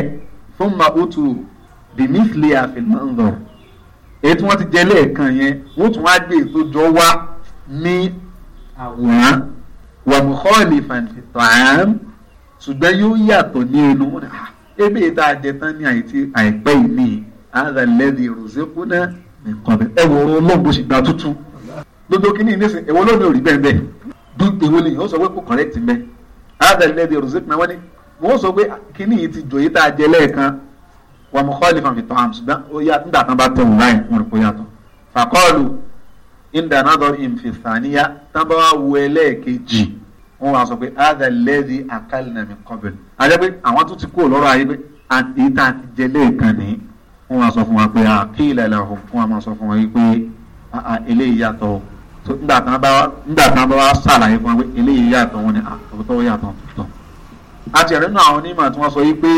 fún màkútù bìmísìlì àfìmọ́ńdọ̀ èyí tí wọ́n ti jẹ lẹ́ẹ̀kan yẹn wọ́n tún wá gbé ètò jọ wá ní àwòrán wàmúkọ́ọ̀lì fàǹtì ṣùgbọ́n yóò yàtọ̀ ní ẹnu wọn ebe yìí tá a jẹ tán ní àìtí àìpẹ́ yìí ní ààrẹ lẹ́dí rùsẹ́kù náà nìkan bẹ́ẹ̀ ẹ wò ó lóògùn ṣìgbà tuntun gbogbo kínní nísìn èwo ló ní òrí bẹ́ẹ̀ bẹ́ẹ̀ dùn èwo lè yìí ó sọ pé kò correct mẹ́ ààrẹ lẹ́dí rùsẹ́kù náà wọ́n ní wọ́n sọ pé kínní yìí ti jòyè tá a jẹ lẹ́ẹ̀kan wà mú kọ́ọ̀lì fàmì tó hàm ṣùgbọ́n ó yá nígbà tán bá tẹ̀ wọ́n láì wọ́n wá sọ pé ada lẹ́ẹ̀dì àkàlìnà mi kọ́bẹ̀l àjẹ́ àwọn tó ti kú lọ́rọ̀ ayé pé èyí tá a ti jẹ lẹ́ẹ̀kan ní wọ́n wá sọ fún wa pé kí ilẹ̀ ìlà fún wa máa sọ fún wa yìí pé eléyìí yàtọ̀ nígbà tí wọ́n bá wá sàlàyé fún wa pé eléyìí yàtọ̀ wọn ni àtọ̀tọ̀ yàtọ̀ tọ̀ àti ẹ̀rẹ́ náà àwọn onímọ̀ tí wọ́n sọ yìí pé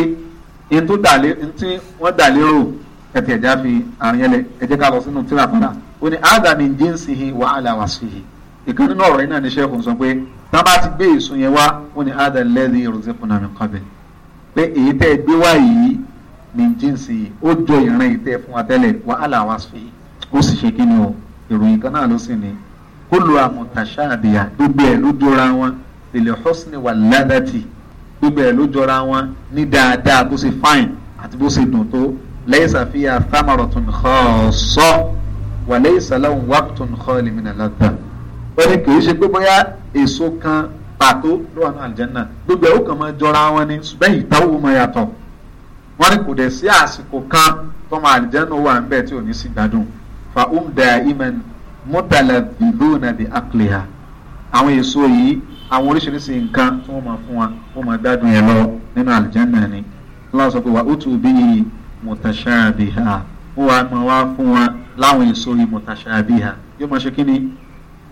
n tó n tí wọ́n fi àrùn yẹn lọ sínú tíra padà ó ní jíǹsì hi wàhálà tán bá ti gbé èso yẹn wá wọ́n ní ada lẹ́dí rọ̀zẹ́kùnà mi kọ́bẹ̀ pé èyí tẹ́ ẹ gbé wá yìí ní jíǹsì yìí ó jọ ìran yìí tẹ́ fún wa tẹ́lẹ̀ wàhálà wa fi ó sì ṣe kíni o ìròyìn kan náà ló sì ní kó lo àmọ̀tàṣà àdìyà gbogbo ẹ̀ ló jọra wọn lèlè hosni wà ládàtì gbogbo ẹ̀ ló jọra wọn ní dáadáa bó ṣe fáìn àti bó ṣe dùn tó lẹ́yìn sàfihàn tamaratun khassa wà lẹ́yìn sàlẹ̀ wàkùtùn kọ́ ẹ̀lẹ́mìnà ládàá ó ní kì í ṣe pé bóyá èso kan pàtó ló wà ní àlìjẹ́nà gbogbo ẹ̀ ó kàn máa jọra wọn ni ṣùgbọ́n ìtawó máa yàtọ̀ wọ́n ní kò dẹ̀ sí àsìkò kan tọ́mọ àlìjẹ́nà wà ń bẹ̀ tí ò ní sí gbádùn fa umda imen mutala bilona bi akleha àwọn èso yìí àwọn oríṣiríṣi nǹkan tí wọ́n máa fún wa wọ́n máa gbádùn ẹ̀ lọ nínú àlìjẹ́nà ni lọ́wọ́ sọ pé wà ó tù bí mutashabiha ó wàá máa wá fún wa láwọn èso yìí mutashabiha yóò máa ṣe kí ni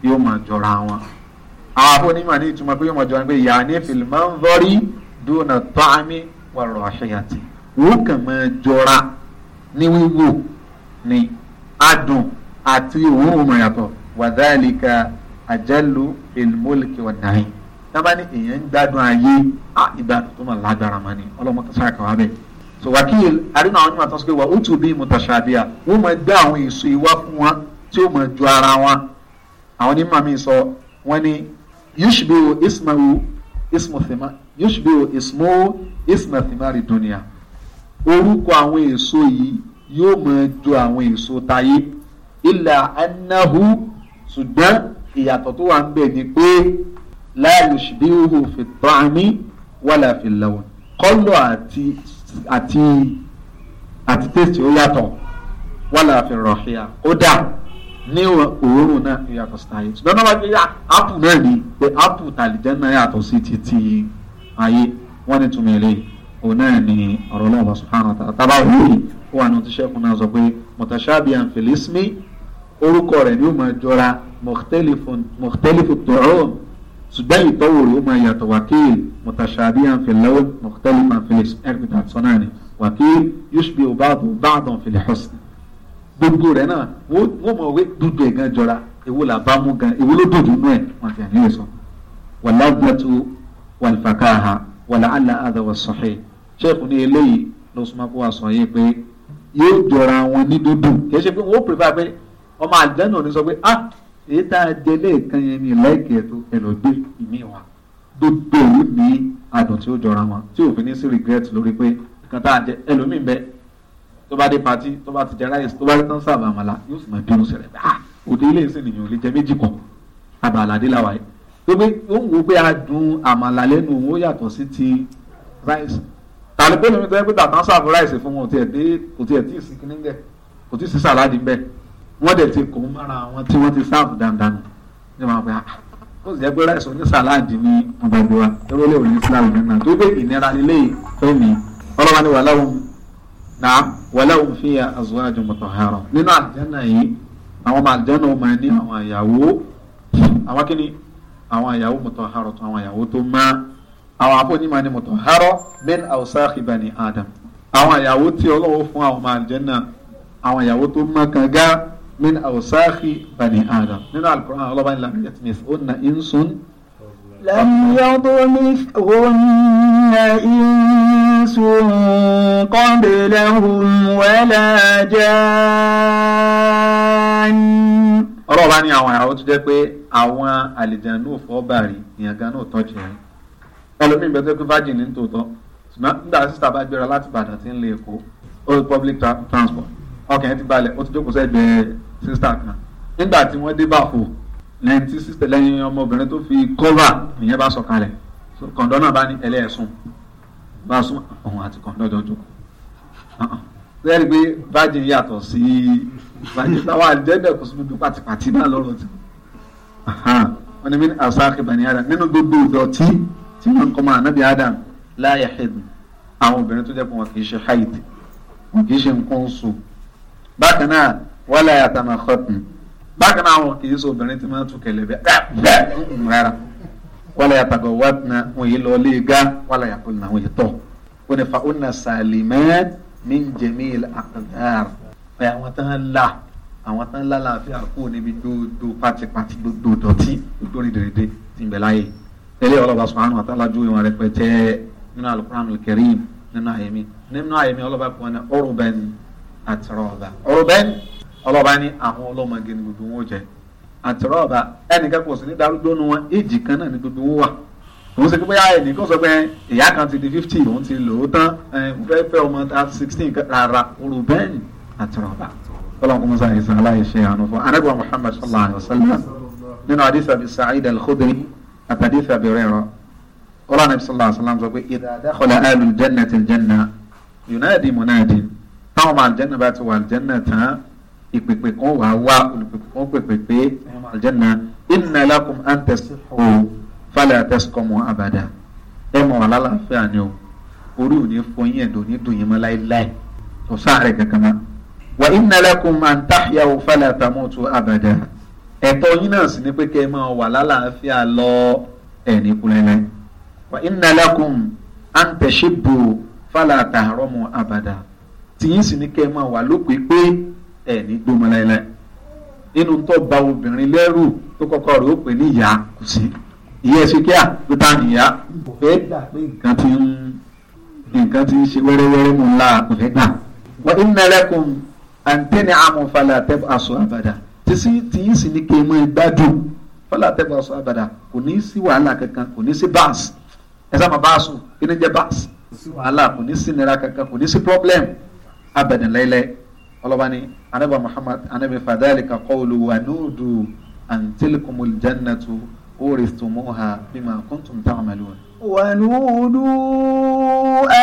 yóò máa jọra wọn àwọn afọ́nímọ̀ ní ìtumọ̀ pé yọmọ jọra pé ìyá ní fìlímọ̀ ń vọ́rí dúnà tọ́ámí wàrọ̀ àṣeyàtì wọ́n kàn máa jọra ní wíwò ní adùn àti òun òun yàtọ̀ wàdálìkà àjálù ìlmọ́lìkì wọ̀nyí tábà ní èèyàn ń gbádùn ayé ìgbádùn tó máa lágbára mọ́ ni ọlọ́mọ tó sáà kàwá bẹ́ẹ̀ so wákìl àdínà àwọn onímọ̀ tó sọ ó tù bí mutashabia wọ́n máa gbé àwọn èso ìwá fún wọn tí ó máa ju ara wọn àwọn onímọ̀ mi sọ wọ́n ní yushbihu ismahu ismu thima yushbihu ismuhu isma thimari dunia orúkọ àwọn èso yìí yóò máa jọ àwọn èso táyé illa annahu ṣùgbọ́n ìyàtọ̀ tó wà ń bẹ̀ ni pé la yushbihu fi ta'mi wala fi lawn kọ́lọ̀ àti àti àti tẹ̀sí ó yàtọ̀ wala fi rahiya kódà ní òórùn náà yàtọ̀ sí ayé ṣùgbọ́n náà wá gbé ápù náà rí pé ápù tàlìjẹ́ náà yàtọ̀ sí ti ti ayé wọ́n ní túmọ̀ ilé òun náà ni ọ̀rọ̀ lọ́wọ́ subhanahu wa ta'ala tábà wíì ó wà ní ti ṣẹ́kùn náà sọ pé mutashabihan fil ismi orúkọ rẹ̀ ni ó máa jọra mọ̀tẹ́lifù tọ̀rọ̀ ṣùgbọ́n ìtọ́wò rẹ̀ ó máa yàtọ̀ wákìl mutashabihan fil lawn mọ̀tẹ́lifù fil ismi ẹ̀rìndà sọ́nà ni wákìl yushbihu ba'du ba'dan fil husn gbogbo rẹ̀ náà wọ́n mọ̀ wé dúdú ẹ̀ gan jọra èwo là bá mú gan èwo ló dòdò nú ẹ̀ wọ́n ti àníyàn sọ. wàlágbàtu wàlfàkàhà wàlàhàlà àdàwà sọ̀hẹ́ ṣẹ́ẹ̀kù ní eléyìí ló súnmọ́ kó wa sọ yìí pé yóò jọra wọn ní dúdú kìí ṣe pé wọ́n pèpà pé ọmọ àlùjánnà ní sọ pé ah èyí tá a jẹ lẹ́ẹ̀kan yẹn ní láìkẹ́ tó ẹlògbé ìmí wa dúdú ní adùn tí ó jọra wọn tí òfin ní sí regret lórí pé nǹkan tá a jẹ ẹlòmíì bẹ́ẹ̀ tó bá dé pati tó bá ti jẹ ráìsì tó bá rí tán sábà àmàlà yóò sì máa bínú sẹ̀rẹ̀ bá ah, òde ilé ìsìn nìyẹn ò lè jẹ méjì kan àbàládé làwà yìí tó gbé ó ń wo pé adùn àmàlà lẹ́nu òun ó yàtọ̀ sí ti ráìsì tàbí pé lómi tó yẹ pé tàtàn sáàbù ráìsì fún wọn kò tiẹ̀ dé kò tiẹ̀ tí ì sí kíní bẹ́ẹ̀ kò tí ì sí sàládì bẹ́ẹ̀ wọ́n dẹ̀ ti kò ń mára àwọn tí wọ́n ti sáàbù dandan ní wọn pé ah ó sì jẹ́ pé ráìsì oní sàládì ní ọgbàgbọ́ wa lórí olè òní síláàbù nínú àti ó gbé ìnira lílé ìfẹ́ mi ọlọ́wà ni wàhálà wọn naam walahum fiha azwajun mutahhara nínú àlùjánnà yìí àwọn ọmọ àlùjánnà ó máa ní àwọn àyàwó àwọn kíni àwọn àyàwó mutahhara tó àwọn àyàwó tó má àwọn àbóyí máa ní mutahhara min awsakhi bani adam àwọn àyàwó tí Ọlọ́hun fún àwọn ọmọ àlùjánnà àwọn àyàwó tó má kànga min awsakhi bani adam nínú àlùkò àwọn ọlọ́ba ńlá لم يطمثهن إنس قبلهم ولا جان ọ̀rọ̀ wa ni àwọn ìyàwó tó jẹ́ pé àwọn àlìjànú fọ́bàrí ìyàn gan náà tán jẹ́ ẹlòmíín bẹ́ẹ̀ pé virgin ní tòótọ́ ṣùgbọ́n nígbà sísá bá gbéra láti Ìbàdàn tí ń lè Èkó old public transport ọkàn yẹn ti balẹ̀ ó ti jókòó sẹ́gbẹ̀ẹ́ sísá kan nígbà tí wọ́n dé bàfò lẹ́yìn tí sísè lẹ́yìn ọmọbìnrin tó fi kọ́và ìyẹn bá sọ̀kalẹ̀ kọ̀ǹdọ́ náà bá ní ẹlẹ́ẹ̀sùn bá sún ọ̀hún àti kọ̀ǹdọ́ jọ jókòó lẹ́yìn pé bájì yàtọ̀ sí bájì táwa àjẹ́bẹ̀ kò síbi pátipàti náà lọ́rọ̀ tí wọ́n ní mí àsáàkì bani adam nínú gbogbo ìdọ̀tí tí wọ́n kọ́ máa nábì adam láyà hẹ́dùn àwọn obìnrin tó jẹ́ pé wọn kì í ṣe haid wọn kì í ṣe nǹkan oṣù bákan náà wọ́n láyà tá máa bákan náà àwọn kì í so obìnrin tí máa tún kẹlẹ bẹ bẹ rárá wàlẹ yàtàgọ wàdìnà wọn yìí lọọ lé ga wàlẹ yàkùnà wọn yìí tọ wọn fa ọnà sàlìmẹ ní jẹmíl àkàndàr pé àwọn tán la àwọn tán la láàfin àkó níbi dòdò pátipáti dòdò dọ̀tí dòdò rìndìrìndì ti ń bẹ láàyè tẹ́lẹ̀ ọlọba sọhánù àtàlájú ìwọn rẹ pẹtẹ nínú alukuran kẹrin nínú àyèmí nínú àyèmí ọlọba kọ ní ọrùbẹn àtẹrọọba ọrùbẹn ọlọ́ba ní àwọn ọlọ́mọge ni gbogbo wọn jẹ àtẹ̀rọ̀ ọba ẹnìkan kò sí ní darúgbó nu wọn èjì kan náà ni gbogbo wọn wà òun ṣe pé bóyá ẹnìkan sọ pé ìyá kan ti di fifty òun ti lò ó tán mo fẹ́ fẹ́ ọmọ sixteen rárá orò bẹ́ẹ̀ni àtẹ̀rọ̀ ọba ọlọ́run kò mú sáyẹn sàn aláìṣe àánú fún anábìwá Muhammad sallallahu alayhi wa sallam nínú hadith Abi Sa'id al-Khudri àti hadith Abi Hurairah ọlọ́run nabi sallallahu alayhi wa sallam sọ pé idha ìpèpè kan wà wá olùpèpè kan pèpè pé ẹ̀rọ àlùjẹ́nà inna lakum an tasihhu fala tasqumu abada ẹ̀ mọ̀ wà lálàáfíà ni o orí ò ní fọ yín ẹ̀dọ̀ ní dùn yín mọ́ láéláé kò sáré kankan mọ́ wa inna lakum an tahyaw fala tamutu abada ẹ̀tọ́ yín náà sì ni pé kẹ́ ẹ máa wà lálàáfíà lọ ẹ̀ ní kúlẹ̀lẹ̀ wa inna lakum an tashibbu fala tahramu abada tìyín sì ni kẹ́ ẹ máa wà lópin pé ẹ̀ ní gbọ́mọ láìláì inú tó ba obìnrin lẹ́rù tó kọ́kọ́ rẹ̀ ó pè ní ìyá kò sí ìyá ẹ̀sìn kíá ló ta nìyá kò fẹ́ gbà pé nǹkan ti ń nǹkan ti ń ṣe wẹ́rẹ́wẹ́rẹ́ mú ńlá kò fẹ́ gbà. wọ́n ń nẹ́rẹ́kùn àǹtẹ́ni amọ̀fàlẹ̀ àtẹ́bù aṣọ àbàdà tìsí tìyí sì ní kéémù gbádùn fọlá àtẹ́bù aṣọ àbàdà kò ní í sí wàhálà kankan kò ní í sí báàsì ẹ sábà báàsù kí ni jẹ báàsì kò sí wàhálà kò ní sí nira kankan kò ní sí pọ́blẹ́mù àbàdàn láíláí ọlọ́ba ni anabi muhammad anabi fadhalika qawlu wa nudu an tilkumul jannatu uristumuha bima kuntum ta'malun. wa nudu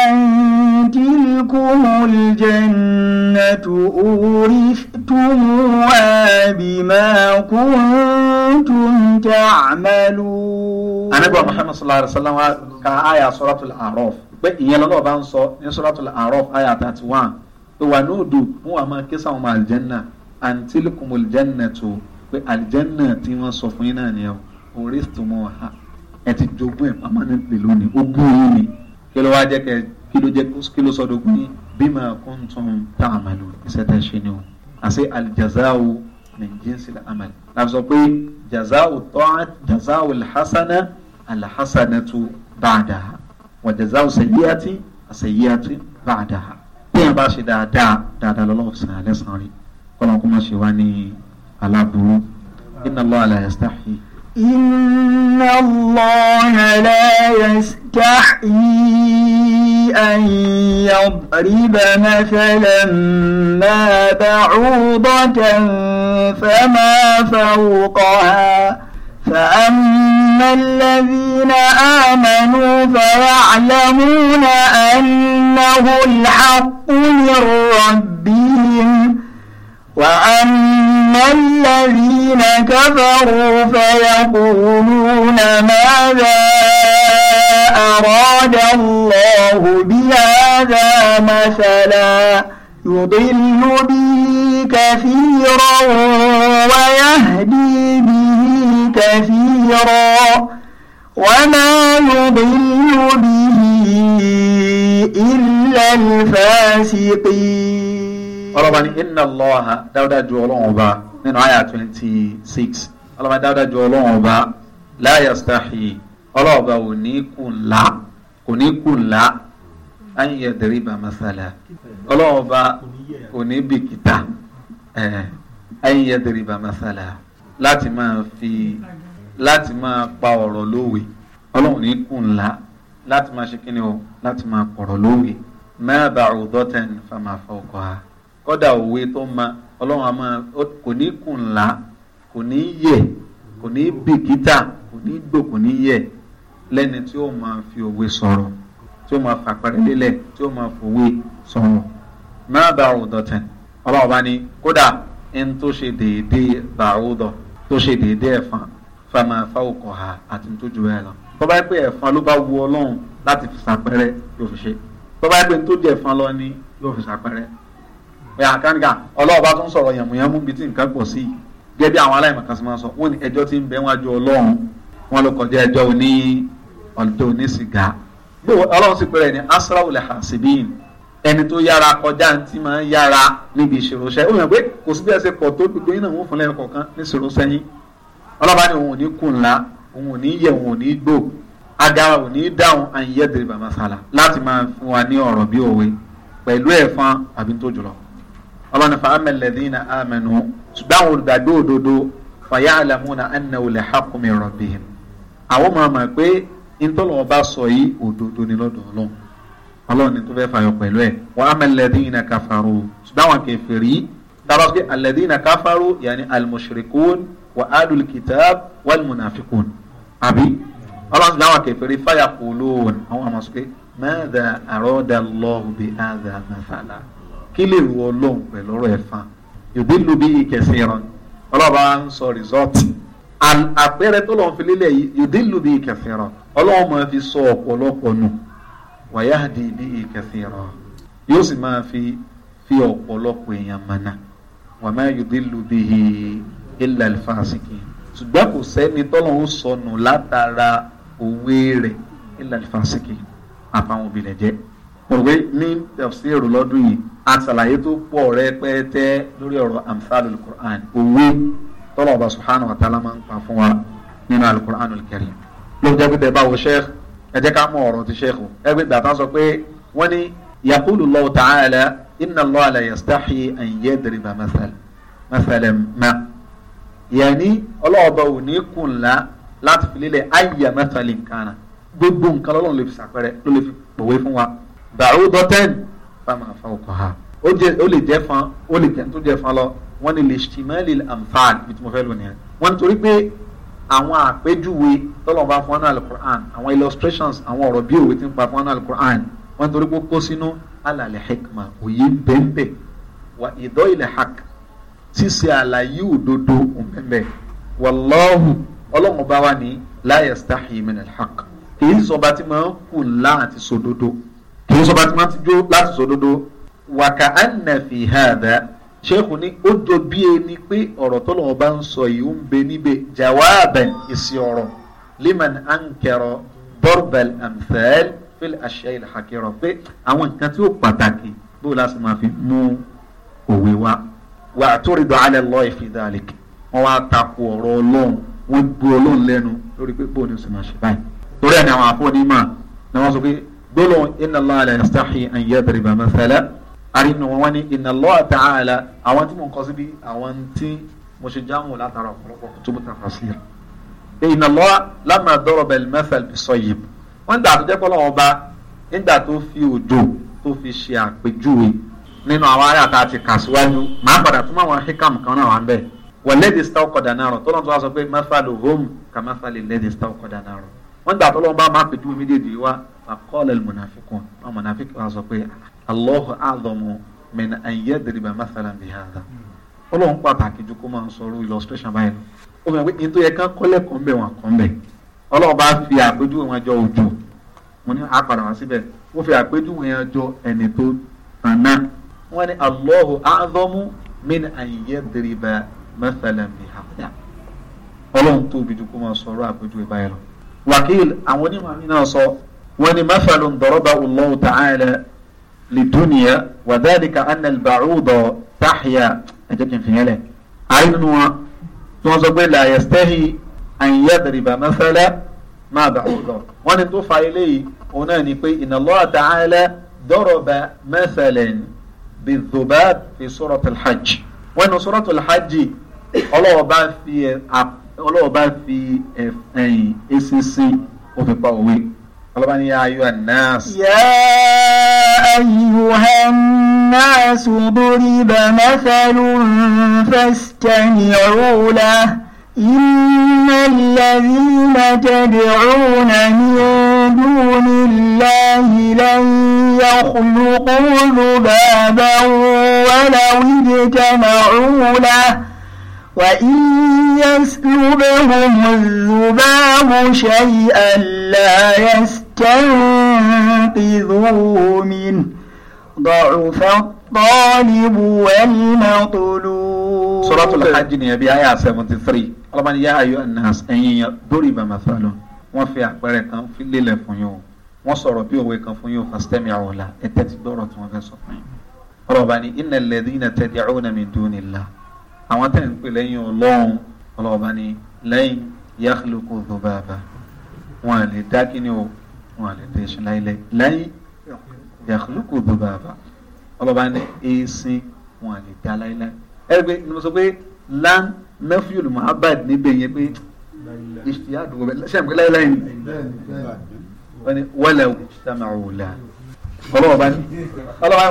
an tilkumul jannatu uristumuha bima kuntum ta'malun. anabi muhammad sallallahu alaihi wasallam ka aya suratul araf pé ìyẹn lọ́nà ọba ń sọ ní suratul araf aya thirty one pé wà ní odò wọn wà máa ké sáwọn ọmọ àlìjẹ́nà àǹtílùkùn àlìjẹ́nà tó pé àlìjẹ́nà tí wọ́n sọ fún yín náà ni ọ orí ìtumọ̀ ha ẹ ti jogún ẹ̀ pàmò ní pè lónìí ó gún yín ni kí ló wá jẹ́ kẹ kí ló jẹ́ kí ló sọdọ̀ gún yín bí máa kún tún tá a mẹ́lò iṣẹ́ tẹ́ ṣe ni o àṣẹ àlìjàzáwò ní jíǹsì àmàl láti sọ pé jazáwò tọ́ jazáwò alhassana alhassana tó ba'daha wà jazáwò sẹ̀yíyàtì sẹ̀yíyàtì ba'daha. téèyàn bá ṣe dáadáa dáadáa lọ́lọ́wọ́ sàn án lẹ́sàn-án rí kọ́lọ́n kó má ṣe wá ní aláburú inna Allaha la yastahi. inna Allaha la yastahi an yadriba mathalan ma ba'udatan fama fawqaha. فأما الذين آمنوا فيعلمون أنه الحق من ربهم وأما الذين كفروا فيقولون ماذا أراد الله بهذا مثلا يضل به كثيرا ويهدي به كثيرا وما يضل به إلا الفاسقين ọlọ́ba ní inna Allaha dáúdá ju ọlọ́run ọba nínú àyà twenty six ọlọ́ba dáúdá ju ọlọ́run ọba la yastahi ọlọ́ọ̀ba ò ní kù ńlá kò ní kù ńlá an yadriba masala ọlọ́ọ̀ba ò ní bìkítà an yadriba masala láti máa fi láti máa pa ọ̀rọ̀ lówe ọlọ́run ní kù ńlá láti máa ṣe kíni o láti máa pọ̀rọ̀ lówe máa bá àrùdọ́tẹ̀n fàmàfà ọkọ̀ ha kọ́dà òwe tó ma ọlọ́run àmọ́ kò ní kù ńlá kò ní yẹ kò ní bìkítà kò ní gbò kò ní yẹ lẹ́ni tí ó máa fi òwe sọ̀rọ̀ tí ó máa fàpẹ́rẹ́ lélẹ̀ tí ó máa fòwe sọ̀rọ̀ máa bá àrùdọ́tẹ̀n ọlọ́run bá ní kódà ẹni tó ṣe déédéé bàrúdọ̀ tó ṣe déédé ẹ̀fọn fama fáwọkọ̀ ha àti ntójú ẹ̀ lọ. tó bá pé ẹ̀fọn ló bá wu ọlọ́run láti fi sàpẹrẹ yóò fi ṣe tó bá pé ntójú ẹ̀fọn lọ ni yóò fi sàpẹrẹ. ẹ̀ àkànga ọlọ́ọ̀bá tún sọ̀rọ̀ yàmùyàmù bíi tí nǹkan pọ̀ sí i gẹ́gẹ́ bí àwọn aláìmọ̀kan sì máa sọ wọ́n ní ẹjọ́ tí ń bẹ wájú ọlọ́run wọn ẹni tó yára kọjá ti máa ń yára níbi ìṣòro ṣẹ́ ó yàn pé kò sí bí ẹ ṣe pọ̀ tó gbogbo yín náà wọ́n fún lẹ́yìn kọ̀ọ̀kan ní ìṣòro sẹ́yìn ọlọ́ba ni òun ò ní kùn ńlá òun ò ní yẹ òun ò ní gbò agara ò ní dáhùn àyẹ̀dẹ̀rẹ̀ bàbá sálà láti máa fún wa ní ọ̀rọ̀ bí òwe pẹ̀lú ẹ̀fọn àbí tó jùlọ ọlọ́ni fa amẹ́lẹ́dínà ṣùgbọ́n àwọn olùgbàgbé òdodo ọlọ́run ní tó fẹ́ fàyọ pẹ̀lú ẹ̀ wà á mẹ́lẹ́dínà káfàrú ṣùgbọ́n àwọn kẹfìrí dábàá pé alẹ́dínà káfàrú yàní alimusirikun wà ádùl kìtàb wàlmùnàfikun àbí ọlọ́run ṣùgbọ́n àwọn kẹfìrí fàyà kúlóòn àwọn àmọ́ sọ́kẹ́ mẹ́ẹ̀dà àrọ́dà lọ́ọ̀bì àdà mẹ́fàlà kí lè ru ọlọ́run pẹ̀lú ọ̀rọ̀ ẹ̀fà yòdìlú bí kẹsìrán ọlọ́ba ń sọ rìsọ́ọ̀tì àpẹẹrẹ tó lọ́n fi bí kẹsìrán ọlọ́run wàyáàdì bíi kẹsìrọ yóò sì máa fi fi ọ̀pọ̀lọpọ̀ èèyàn mọ̀nà wàmá yòdìlù bíi ilà ìfàsìkì ṣùgbọ́n kò sẹ́ni tọ́lọ́hún sọnù látara òwe rẹ̀ ilà ìfàsìkì àfàwọn òbí rẹ̀ jẹ́ òwe ní tafsir lọ́dún yìí àṣàlàyé tó pọ̀ rẹpẹtẹ lórí ọ̀rọ̀ amthal alukur'an òwe tọ́lọ̀ ọba subhanahu wa ta'ala máa ń pa fún wa nínú alukur'an olùkẹ́rì ló jẹ́ pé tẹ́ báwo ẹ jẹ́ ká mọ ọ̀rọ̀ ti ṣẹ́kù ẹgbẹ́ gbàtà sọ pé wọ́n ní yakulu lọ́wọ́ ta'ala inna Allaha la yastahi an yadriba masalan ma yẹni ọlọ́ọ̀bà ò ní kùn la láti fi lélẹ̀ ayya masalin kana gbogbo nǹkan lọ́lọ́run lè fi sàpẹrẹ ló lè fi pòwe fún wa ba'udatan fama fawqaha ó lè jẹ́ fan ó lè jẹ́ tó jẹ́ fan lọ wọ́n ní lishtimalil amthal bí tí mo fẹ́ lónìí àwọn àpèjúwe tọ́lọ̀ bá fún ọ́nà alukur'an àwọn illustrations àwọn ọ̀rọ̀ bí òwe ti ń pa fún ọ́nà alukur'an wọ́n torí pé kó sínú alàlẹ́ hekima òye bẹ́ẹ̀nbẹ́ẹ̀ wà ìdọ́ ilẹ̀ hak ṣíṣe àlàyé òdodo bẹ́ẹ̀nbẹ́ẹ̀ wàlọ́hù ọlọ́run bá wà ní láyé stahi minal hak kìí sọba tí máa ń kù láti sòdodo kìí sọba tí máa ń tijú láti sòdodo wàkà ànàfìhàdà sheikhu ni ó jọ bí ẹni pé ọ̀rọ̀ tó lọ́wọ́ bá ń sọ yìí ń bẹ níbẹ̀ jawaaban èsì ọ̀rọ̀ liman ankara borbal amthal fil ashayil hakiro pé àwọn nǹkan tí ó pàtàkì bó o láti máa fi mú òwe wá wà á tó rí dọ̀ alẹ́ lọ́ọ̀ fi wọ́n wá takò ọ̀rọ̀ ọlọ́run wọ́n gbọ́ ọlọ́run lẹ́nu lórí pé bóun ni o máa ṣe báyìí torí ẹ̀ ni àwọn àfọ̀nímọ̀ arínú wọn ní inna Allah ta'ala àwọn tí mò ń kọ síbi àwọn tí mo ṣe jáwọn látara ọ̀pọ̀lọpọ̀ kutubu tafasir inna Allah lamma daraba al-mathal bis-sayyib wọ́n dà tó jẹ́ pé Ọlọ́hun Ọba nígbà tó fi òjò tó fi ṣe àpèjúwe nínú àwọn ará àtà àti kàṣíwájú máa padà fún àwọn hikam kan náà wà ń bẹ̀ walladhi istawqada nara tó lọ́n tó wá sọ pé mathaluhum kamathali alladhi istawqada الله أعظم من أن يدرب مثلا بهذا. ọlọ́run pàtàkì ju kó máa ń sọ̀rọ̀ illustration báyìí ó mọ̀ pé ní tó yẹ ká kọ́lẹ̀ kan bẹ̀ wọ́n kan bẹ̀ ọlọ́run bá fi àpéjúwe wọn jọ òjò mo ní àpàdà wá síbẹ̀ ó fi àpéjúwe wọn jọ ẹni tó tànà wọ́n ní Allahu a'zamu min an yadriba mathalan bihadha ọlọ́run tóbi ju kó máa sọ̀rọ̀ àpéjúwe báyìí lọ. wàkíl àwọn onímọ̀ mi náà sọ wọ́n ní mathalun daraba Allahu ta'ala lidunia wadhalika anna albacuudo taxya ẹjẹ kí n fìyẹn lẹ. ààrẹ nínú wọn tí wọn sọ pé la yastahi an yadriba mathala máa bacuudo wọn ni tó fa eléyìí òun náà ni pé inna Allaha ta'ala daraba mathalan bidhubab fi surati alhajj wọn ni alhajj ọlọ́wọ́ bá fi ẹ̀ ọlọ́wọ́ bá fi ẹ̀yìn eṣinṣin ó fi pa òwe ọlọ́ba ya ayyuhan nas. yẹ́ẹ́. أيها الناس ضرب مثل فاستمعوا له إن الذين تدعون من دون الله لن يخلقوا ذبابا ولو اجتمعوا له وإن يسلبهم الذباب شيئا لا يستنفعون منه ضعف الطالب والمطلوب سورة الحج نبي آية 73 ọlọ́mọdé yá ayọ́ ẹ̀nàs ẹ̀yìn dóríba màfàlọ́ wọ́n fi àpẹẹrẹ kan fi lélẹ̀ fún yóò wọ́n sọ̀rọ̀ bí òwe kan fún yóò fásitẹ́mi àwòlá ẹ̀tẹ́ ti gbọ́rọ̀ tí wọ́n fẹ́ sọ fún yín. ọlọ́ba ni iná lẹ́dí iná tẹ́tí àwọn ẹ̀mí dúni la àwọn tẹ̀ ń pè lẹ́yìn ọlọ́run ọlọ́ba ni lẹ́yìn yàkùlùkù dùbàbà wọn à lè dá kíni o wọn à lè dé ṣùláìlẹ̀ lẹ́yìn yàtúkù bèbè àbá ọlọ́ba ní ẹ̀sìn wọn à lè dá láéláé ẹ̀rí pé ni mo sọ pé lan nafiyul muhabbad níbẹ̀ yẹn pé ìṣìyà àdúgbò bẹ́ẹ̀ ṣe àgbẹ̀ láéláé ni wọ́n ní wàlà ìjìtàmàwòlà ọlọ́ba ní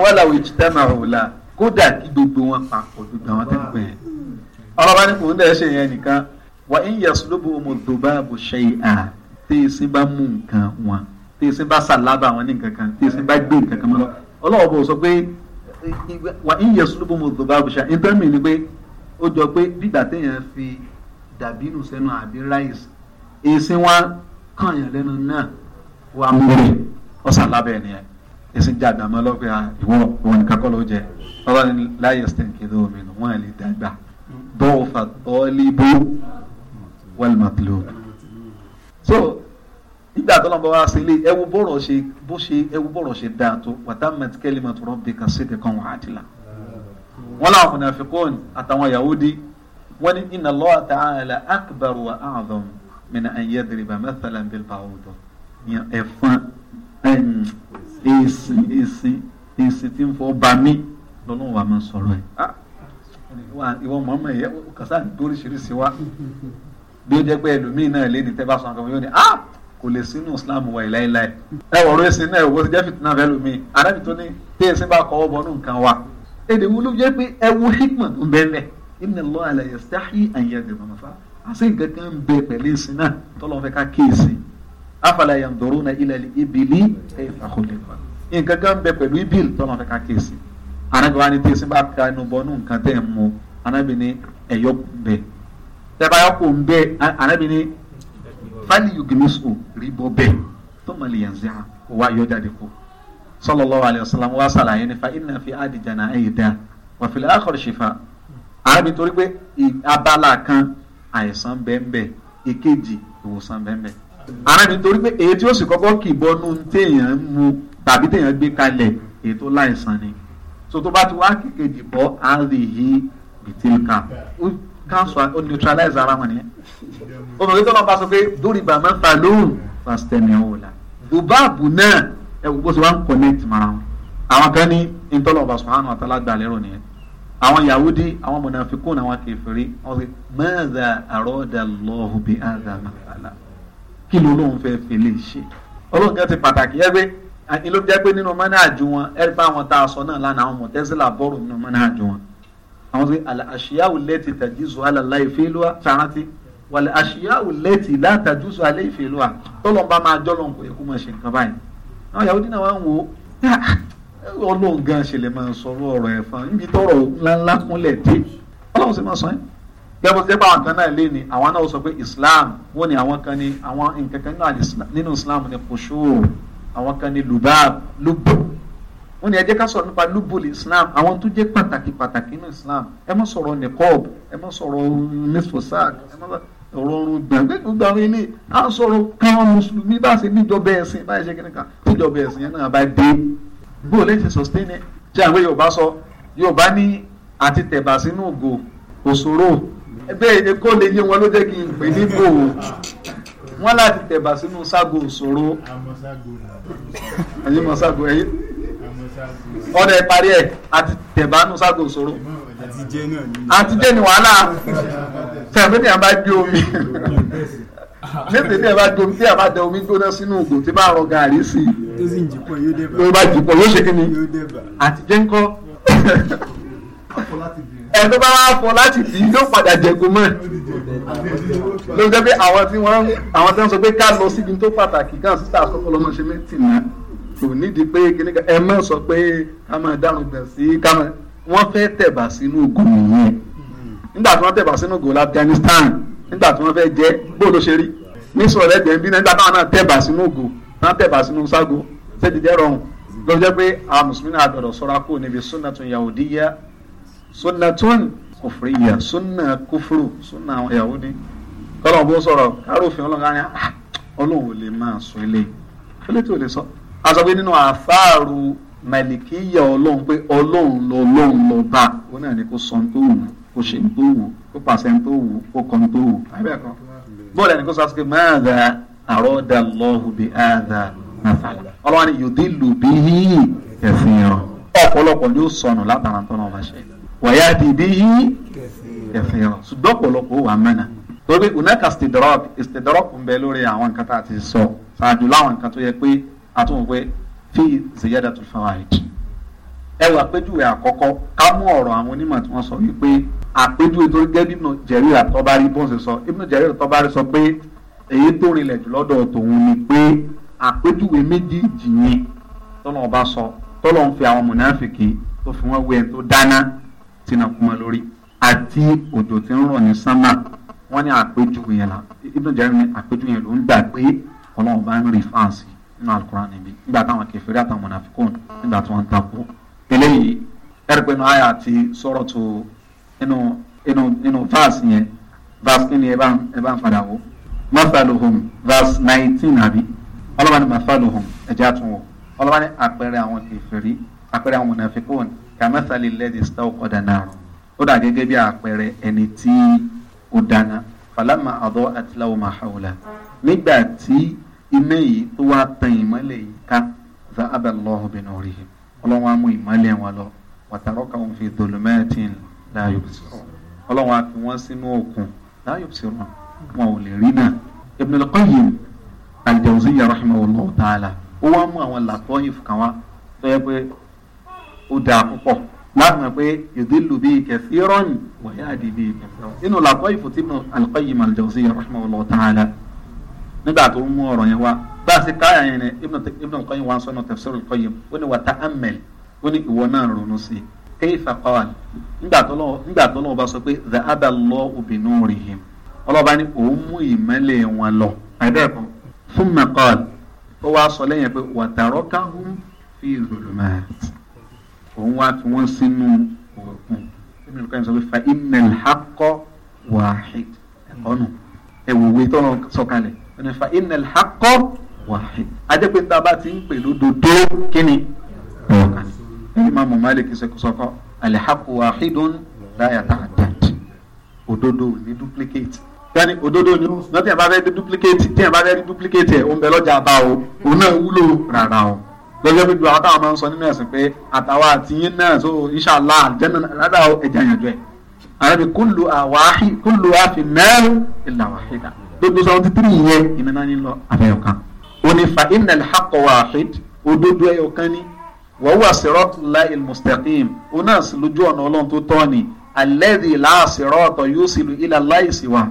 wàlà ìjìtàmàwòlà kódà kí gbogbo wọn papọ̀ gbogbo àwọn tẹ̀ ń pè é ọlọ́ba ní kò ń ṣe yẹn nìkan wà ń yẹ sùlùbù ọmọdé bá bò à tí ìsìn bá sàlábà àwọn ní nǹkan kan tí ìsìn bá gbé nǹkan kan mọ́ ọlọ́wọ́ bò sọ pé wà ń yẹ sulubu mu dùbà bùṣà ìtẹ́mì ni pé ó jọ pé bígbà téèyàn fi dàbínú sẹ́nu àbí ráìsì ìsìn wa kàn yàn lẹ́nu náà wà mú rẹ̀ ọ̀sán lábẹ́ nìyẹn ìsìn jẹ àdàmọ́ lọ́pẹ́ ìwọ ìwọ nìkan kọ́ ló jẹ bàbá ni láyé stem kéde omi nù wọ́n lè dàgbà bọ́ọ̀ fà bó wọ́n mọ̀ so nígbà tó lọ́nà bá wá sí ilé ẹwu bọ̀rọ̀ ṣe bó ṣe ẹwu bọ̀rọ̀ ṣe dáa tó wàtámẹ̀tì kalimatu rabbika sidqan wa adla wọn làwọn munafiqun àtàwọn Yahudi wọn ní inna Allah ta'ala akbar wa a'zam min an yadriba mathalan bil ba'ud ẹ̀fọn èsì èsì èsì tí ń fọ bami lọ́nà wà máa sọ̀rọ̀ ẹ̀ ah! ìwọ mọ̀ọ́mọ̀ kò lè sínú islam wa ìláìláì ẹ wọ̀ ọ̀rọ̀ ẹ̀sìn náà ẹ̀ wò ó ti jẹ́ fìtínà fẹ́ lómi arábì tó ní tí ẹ̀sìn bá kọ́ ọ́bọ̀ nù nǹkan wa èdè wo ló jẹ́ pé ẹ wo hikman ń bẹ́ẹ̀ lẹ̀ inna Allah la yastahi an yadriba mathalan àṣẹ nǹkan kan ń bẹ pẹ̀lú ẹ̀sìn náà tọ́lọ́ fẹ́ ká kíyèsí afala yanduruna ila al-ibili kayfa khuliqat nǹkan kan ń bẹ pẹ̀lú ibil tọ́lọ́ fẹ́ ká kíyèsí arábì wa ni tí ẹ̀sìn bá ka inú bọ́ nù nǹkan tẹ̀ ń mu arábì ni ẹ̀yọ́ ń bẹ tẹ́ bá yọ kó bẹ arábì fali yugimisu ribo bẹẹ tó mali yanzi ha o wa yọ jáde kó sallallahu alayhi wa sallam wa sàlàyé ni fa inna fi adi jana ayi da wa fil akhir shifa Arabi torí pé abala kan àìsàn bẹ́ẹ̀nbẹ́ èkejì ìwòsàn bẹ́ẹ̀nbẹ́ Arabi torí pé èyí tí ó sì kọ́kọ́ kì bọ́nú téèyàn ń mu tàbí téèyàn gbé kalẹ̀ èyí tó láìsàn ni so ti wá kékejì bọ́ àríyí bìtìlkà káàsùn olùtralize ara wọn o obìnrin tó náà bá sọ pé lórí bàmá falóhùn fàstẹ̀mì ọ̀la bùbáàbù náà ẹ gbogbo sọ wá ń connect mara wọn àwọn kan ní ntọ́lọ́ọ̀bà subhanahu wa ta'ala gbà lérò nìyẹn àwọn yahudi àwọn mọ̀nàfikún àwọn kẹfìrí wọn sọ mẹ́ẹ̀dà àròdà lọ́hùn bí àdà màkàlà kí ló lóun fẹ́ fẹ́lẹ́ ṣe ọlọ́run kan ti pàtàkì yẹ pé ìlú jẹ́ pé nínú mọ́nà àjù wọn ẹ̀rí bá wọn tá a sọ náà lánàá àwọn mọ̀tẹ́sílà bọ́ọ̀rù nínú mọ́nà àjù wọn àwọn sọ àṣìyáwò lẹ́tì tàjúṣù alàlá ìfẹ́lúwa sárántì wàlẹ̀ àṣìyáwò lẹ́tì látàjúṣù alẹ́ ìfẹ́lúwa tọ́lọ́mbà máa jọ́lọ́ nǹkan ẹ̀kú máa ṣe nǹkan báyìí àwọn Yahudi náà wọ́n ń wo ah, ọlọ́run gan ṣẹlẹ̀ máa ń sọ̀rọ̀ ọ̀rọ̀ ẹ̀fọn níbi tọ́rọ̀ ńláńlá kúnlẹ̀ dé ọlọ́run sì máa sọ yín gẹ́gẹ́ bó ti jẹ́ àwọn kan náà lé ní àwọn náà sọ pé Islam wọ́n ní àwọn kan ní àwọn nǹkan kan nínú Islam ni kòṣó àwọn kan ní lubab lubab wọ́n ní ẹ jẹ́ ká sọ̀rọ̀ nípa lúbọ̀lì islam àwọn tó jẹ́ pàtàkì pàtàkì nínú islam ẹ má sọ̀rọ̀ nìkọ́ọ̀bù ẹ má sọ̀rọ̀ nífòsàk ẹ má sọ̀rọ̀ ọ̀run gbàgbé gbogbo àwọn ilé à ń sọ̀rọ̀ káwọn mùsùlùmí bá ṣe níjọba ẹ̀sìn báyìí ṣe kí nìkan níjọba ẹ̀sìn yẹn náà bá dé bó o lè ṣe sustain ẹ ṣé àwọn yorùbá sọ yorùbá ní àti tẹ̀bà sínú ògo òṣòro ẹgbẹ́ èkó lè yé wọn ló jẹ́ kí n pè ní bò ó wọ́n láti tẹ̀bà sínú ságo òṣòro ẹ̀yin mọ̀ ságo ẹ̀yin ọ̀dẹ̀ parí ẹ̀ àti tẹ̀bánú ságo sòrò àti jẹ́ ni wàhálà tẹ̀bí ni a bá gbé omi níbi ní ẹ bá domi tí a bá da omi gbóná sínú ògò tí bá rọ gàrí sí i ló bá jìpọ̀ yóò ṣe kí ni àti jẹ́ ń kọ́ ẹ tó bá wá fọ láti dì í yóò padà jẹ̀gùn mọ́ ló jẹ́ pé àwọn tí wọ́n àwọn tí wọ́n sọ pé ká lọ síbi tó pàtàkì gan sísá àkọ́kọ́ lọ́mọ ṣe mẹ́tì náà kò nídìí pé kíní ká ẹ má sọ pé ká máa dárun gbọ̀n sí ká máa wọ́n fẹ́ tẹ̀bà sínú ògùn nìyẹn nígbà tí wọ́n tẹ̀bà sínú ògùn Afghanistan nígbà tí wọ́n fẹ́ jẹ́ bó ló ṣe rí ní sọ̀rọ̀ ẹ̀dẹ̀ bí nígbà táwọn náà tẹ̀bà sínú ògùn náà tẹ̀bà sínú Sago. ṣé ti jẹ́ rọrùn ló jẹ́ pé àwọn mùsùlùmí náà gbọ́dọ̀ sọ́ra kó níbi sunnatun yahudiya sunnatun kufriya sunna kufru sunna àwọn yahudi kọ́lọ̀ bó sọ̀rọ̀ kárò òfin ọlọ́run á ní ah, ọlọ́run ò lè máa sọ ilé ilé tí ò lè sọ. So a sọ pé nínú àfáàrù màlìkíyà ọlọ́run pé ọlọ́run lọ ọlọ́run lọ bá ó náà ní kó sọ ní tó wù kó ṣe ní tó wù kó pàṣẹ ní tó wù kó kọ ní tó wù. bóòlù ẹni kó sọ àti pé máa dà àròdà lọ́hùn bí àdà nàfàlà ọlọ́run ni yòdì lù bí ẹ̀fìn ọ̀ ọ̀pọ̀lọpọ̀ ni ó sọnù látara tó náà wá ṣe wàyà dìbí ẹ̀fìn ọ̀ ṣùgbọ́n ọ̀pọ̀lọpọ̀ wà mẹ́nà torí pé unaka stidrọ́ọ̀kì stidrọ́ọ̀kì ń bẹ lórí àwọn nǹkan tá a ti sọ ṣáájú láwọn nǹkan tó yẹ pé àtúnwò pé fi ziyadatul fawaid ẹ wà àpèjúwe àkọ́kọ́ ká mú ọ̀rọ̀ àwọn onímọ̀ tí wọ́n sọ wípé àpèjúwe tó gẹ́ bímọ jẹ̀ríra tọ́bárí bó ń ṣe sọ ibùdó jẹ̀ríra tọ́bárí sọ pé èyí tó rinlẹ̀ jù lọ́dọ̀ tòun ni pé àpèjúwe méjìjì yẹn tọ́lọ́ ọba sọ tọ́lọ́ ń fi àwọn mùnáfìkì tó fi wọ́n wé ẹni tó dáná tìǹà kúmọ lórí àti òjò tí ń rọ̀ ní sánmà wọ́n ní àpèjúwe yẹn la ibùdó jẹ̀ríra ni àpèjúwe yẹn ló ń gbà pé ọlọ́run bá ń rìn fáàsì nínú alukura níbi nígbà táwọn kẹfìrí àtàwọn mọ̀nàfíkùn nígbà tí wọ́n ń takò eléyìí ẹ̀rùpẹ̀nu àyà ti sọ̀rọ̀ tó nínú nínú nínú verse yẹn verse kí ni ẹ bá ẹ bá ń padà wò mafaluhum verse nineteen àbí ọlọ́wọ́ ni mafaluhum ẹ̀jẹ̀ àtúnwò ọlọ́wọ́ ni àpẹẹrẹ àwọn kẹfìrí àpẹẹrẹ àwọn mọ̀nàfíkùn kàmẹ́sàlì lẹ́dí sọ́kọ̀dà náà ó dà gẹ́gẹ́ bí àpẹẹrẹ ẹni tí ó dáná falama àdó àtìláwò máa hàwùlà nígbà tí iná yìí tó wá tan ìmọ́lẹ̀ yìí ká za abalọ́hu bin orihim ọlọ́run á mú ìmọ́lẹ̀ wọn lọ wàtàrọ́ kan fi dolomatin láàyò sọ̀rọ̀ ọlọ́run á fi wọ́n sínú òkun láàyò sọ̀rọ̀ wọn ò lè rí náà Ibn al-Qayyim al-Jawziyya rahimahullah ta'ala ó wá mú àwọn làtọ́yìn kan wá tó yẹ pé ó dáa púpọ̀ láti mọ̀ pé yòdìlù bíi kẹsì rọ́ọ̀nì wọ̀nyí àdìbí kẹsì rọ́ọ̀nì inú làtọ́yìn fún tìbọn al-Qayyim al-Jawziyya rahimahullah ta'ala nígbà tó ń mú ọ̀rọ̀ yẹn wá bá a ṣe káyà yẹn ni Ibn al-Qayyim wa ń sọ́nà Tafsir al-Qayyim ó ní wa ta'ammal ó ní ìwọ náà ronú sí i kayfa qala nígbà tó lọ́wọ́ bá sọ pé dhahaba Allahu bi nurihim ọlọ́ba ní òun mú ìmọ́lẹ̀ wọn lọ àìbẹ́ẹ̀kọ́ thumma qala ó wá sọ lẹ́yìn pé wa tarakahum fi dhulumat òun wá fi wọ́n sínú òkun Ibn al-Qayyim sọ pé fa innal haqqa wahid nífa iná ìhàkọ́ wàhí ajẹ́pẹ́ níta bá ti ń pè lódodo kíni ìmáàmù Malik sọkọ alihaqu wahidun la yata'addad òdodo ní duplicate yanni òdodo ni nọtí yẹn bá fẹ́ di duplicate tí yẹn bá fẹ́ di duplicate ẹ̀ òun bẹ lọ́jà bá o òun náà wúlò rárá o lọ́jọ́ bí du àwọn máa ń sọ nínú ẹ̀sìn pé àtàwọn àti yín náà so inshàlá àjẹ́nà rárá o ẹ̀jẹ̀ àyànjọ́ ẹ̀ àrẹ́bí kúlù àwáhì kúlù àfinnáà ìlà wàhídà gbogbo seventy three yẹn ìnana ni lọ abẹ́yọkan onífa innal haqqa wahid òdodo ẹyọkan ni wàhùwà siratullahi almustaqim onáà sì lójú ọ̀nà ọlọ́run tó tọ́ ni alladhi la sirata yusilu ila Allahi siwa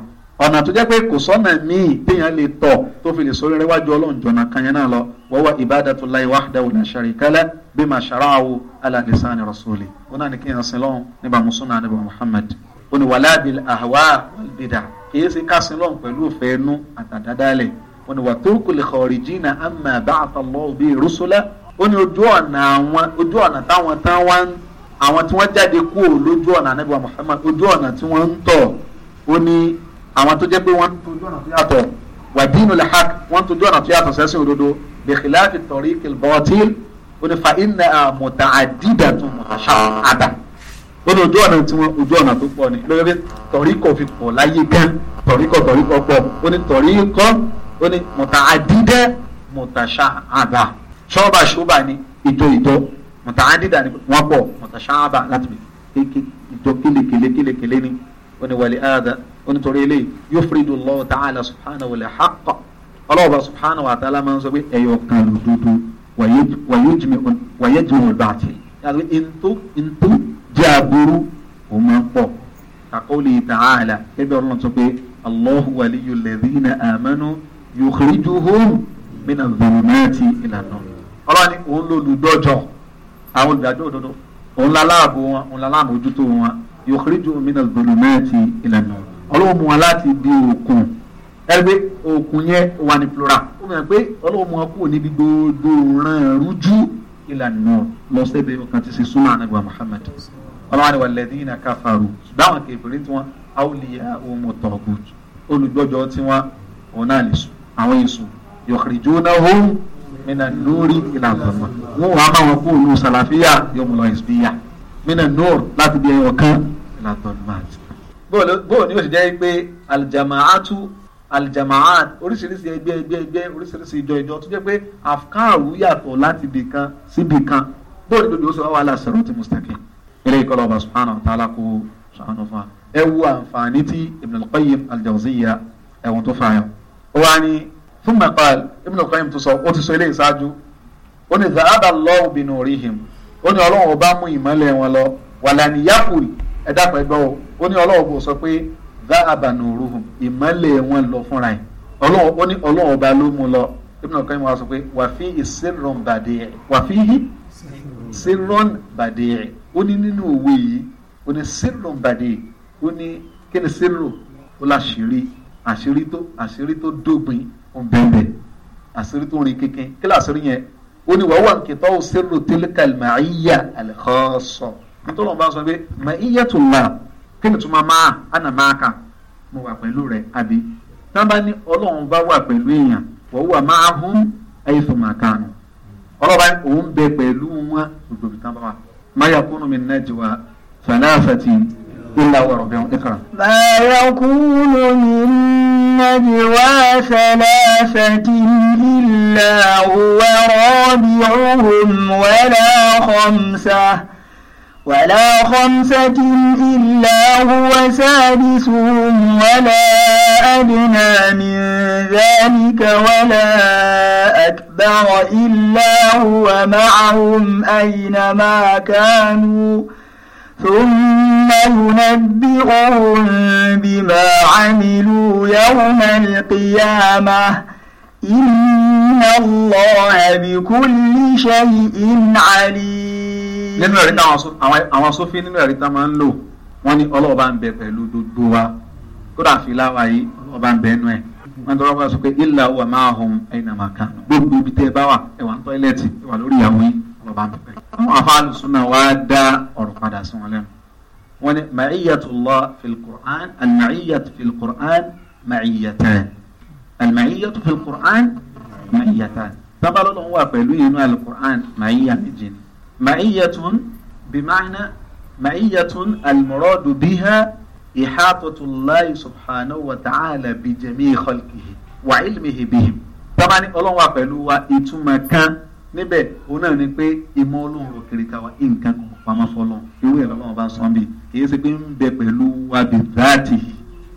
ọ̀nà tó jẹ́ pé kò sọ́nà míì téèyàn lè tọ̀ tó fi lè sórí rẹ́wájú ọlọ́run jọ̀nà kan yẹn náà lọ wọ́wọ́ ibadatullahi wahdahu la sharika lahu bima shara'ahu ala lisani rasuli ó náà ní kéèyàn sin lọ́hùn níbàámu sunnah níbàámu Muhammad ó ní wala bil ahwa wal bid'ah kìí ṣe kásin lọ́n pẹ̀lú òfẹ́ ẹnu àtàdádálẹ̀ wọn ni wà tó kò lè kọ̀ọ̀rì jìnnà àmà bàtà lọ́wọ́ bíi rúṣọlá ó ní ojú ọ̀nà àwọn ojú ọ̀nà táwọn tán wá ń àwọn tí wọ́n jáde kúrò lójú ọ̀nà anábìwá Muhammad ojú ọ̀nà tí wọ́n ń tọ̀ ó ní àwọn tó jẹ́ pé wọ́n tojú ọ̀nà tó yàtọ̀ wà dínú lè hak wọ́n tojú ọ̀nà tó yàtọ̀ sẹ́sìn òdodo bìkìláàfì tọ̀rí kìlbọ̀tì ó ní fa iná mùtà àdídàtún mùtà àdà lọ́dọ̀ ojú ọ̀nà tiwọn ojú ọ̀nà tó pọ̀ ni lórí pé tọ̀ríkọ̀ fi pọ̀ láyé gan tọ̀ríkọ̀ tọ̀ríkọ̀ pọ̀ ó ní tọ̀ríkọ̀ ó ní mọ̀tà àdídẹ́ mọ̀tà ṣáàbà ṣọ́ọ̀bà ṣọ́ọ̀bà ni ìjọ ìjọ mọ̀tà àdídà ni wọ́n pọ̀ mọ̀tà ṣáàbà láti bẹ̀ ìjọ kélekèlé kélekèlé ni ó ní wàlẹ̀ àdá ó ní torí eléyìí yufridu Allahu ta'ala subhanahu wal haqq ọlọ́ọ̀bà subhanahu wa ta'ala máa ń sọ pé ẹ̀yọ̀ kan lòdòdó wàyéjìmọ̀ bàtì yàtọ̀ ìntó ìntó jẹ́ aburú ó máa ń pọ̀ àkọọ́lẹ̀ ta'ala ẹgbẹ́ ọlọ́run sọ pé allahu waliyu ladhina amanu yukhrijuhum mina dhulumati ìlànà ọlọ́run ni òun lolùdọ́jọ́ àwọn olùdájọ́ òdodo òun láláàbò wọn òun láláàmójútó wọn yukhrijuhum mina dhulumati ìlànà ọlọ́run mú wọn láti bí òkun ẹgbẹ́ òkun yẹn wà ní plural ó mọ̀ pé ọlọ́run mú wọn kúrò níbi gbogbo ràn rújú ìlànà lọ sẹ́bẹ̀ẹ́ kan ti ṣe súnmọ́ ànágbà Muhammad ọlọ́wọ́n ni walladhina kafaru ṣùgbọ́n àwọn kèfèrí tí wọ́n awliya'uhumu taghut olùgbọ́jọ́ tí wọ́n òun náà lè sùn àwọn èso yukhrijunahum minan nuri ila dhulma wọn wàá bá wọn kó olú sàlàfíà yóò mú lọ ìsbíyà minan nur láti bí ẹyọ kan ila dhulma. bóò ni yóò ṣe jẹ́ pé aljamaatu aljamaat oríṣiríṣi ẹgbẹ́ ẹgbẹ́ ẹgbẹ́ oríṣiríṣi ìjọ ìjọ tó jẹ́ pé afkaru yàtọ̀ láti bìkan síbìkan bóò ni gbogbo sọ wà lásìrò ti mustaqim eré ìkọlọ́ ọba subhanahu wa ta'ala kó sànù fún wa ẹ wo àǹfààní tí ibn al-qayyim al-jawziya ẹ̀wọ̀n tó fààyàn. ó wá ní fún mẹ́kàl ibn al-qayyim tó sọ ó ti sọ eléyìí ṣáájú ó ní zahada Allahu bi nurihim ó ní ọlọ́run ọba mú ìmọ́lẹ̀ wọn lọ wàlàní yakuri ẹ dápẹ́ ẹgbẹ́ o ó ní ọlọ́run kò sọ pé zahaba nuruhum ìmọ́lẹ̀ wọn lọ fúnra ẹ̀ ó ní ọlọ́run ọba ló mú lọ ibn al-qayyim wa sọ pé wàfíì sírọ̀n bàdìẹ̀ wàfíì sírọ̀n bàdìẹ̀ ó ní nínú òwe yìí ó ní sílò bàdé ó ní kí ni sílò ó láṣìírí àṣírí tó àṣírí tó dógbin ń bẹ̀rẹ̀ àṣírí tó rin kínkín kí láṣírí yẹn ó ní wàá wà nkìtọ́ ó sílò tilka màáyà àlẹ́kọ́sọ nítorí wọn bá sọ pé màáyà tó là kí ni tó máa máa ànà máa kà mo wà pẹ̀lú rẹ̀ àbí tá ní ọlọ́run bá wà pẹ̀lú èèyàn wọ́n wà máa hún ayé fún màkàánù òun bẹ pẹ̀lú wọn gbogbo ìtàn bá wà. ما يكون من نجوى ثلاثة إلا وربهم اقرأ ما يكون من نجوى ثلاثة إلا هو رابعهم ولا خمسة ولا خمسة إلا هو سادسهم ولا أدنى من ذلك ولا أكبر إلا هو معهم أينما كانوا ثم ينبئهم بما عملوا يوم القيامة إن الله بكل شيء عليم nínú ẹ̀rí táwọn àwọn sófin nínú ẹ̀rí táwọn máa ń lò wọ́n ní ọlọ́wọ́ bá ń bẹ pẹ̀lú gbogbo wa kódà fìlà wa yìí ọlọ́wọ́ bá ń bẹ nú ẹ̀ wọ́n tọrọ bá sọ pé ilà wà máa hùn ẹ̀yìnà máa kà gbogbo ibi tẹ́ ẹ bá wà ẹ wà ní tọ́ílẹ̀tì ẹ wà lórí ìyàwó yìí ọlọ́wọ́ bá ń bẹ pẹ̀lú. àwọn afáàlù súnà wá dá ọ̀rọ̀ padà sí wọn lẹ́nu wọ́n ní màáyàtúlọ́ fìlkùrán معية بمعنى معية المراد بها إحاطة الله سبحانه وتعالى بجميع خلقه وعلمه بهم tamani ọlọ́run wa pẹ̀lú wa ìtumọ̀ kan níbẹ̀ òun náà ni pé ìmọ̀ ọlọ́run òkèrè ta wa nǹkan kan pamọ́ fọlọ́ irú ẹ̀ lọ́lọ́run bá sọ bí kìí ṣe pé ń bẹ pẹ̀lú wa bí dáàtì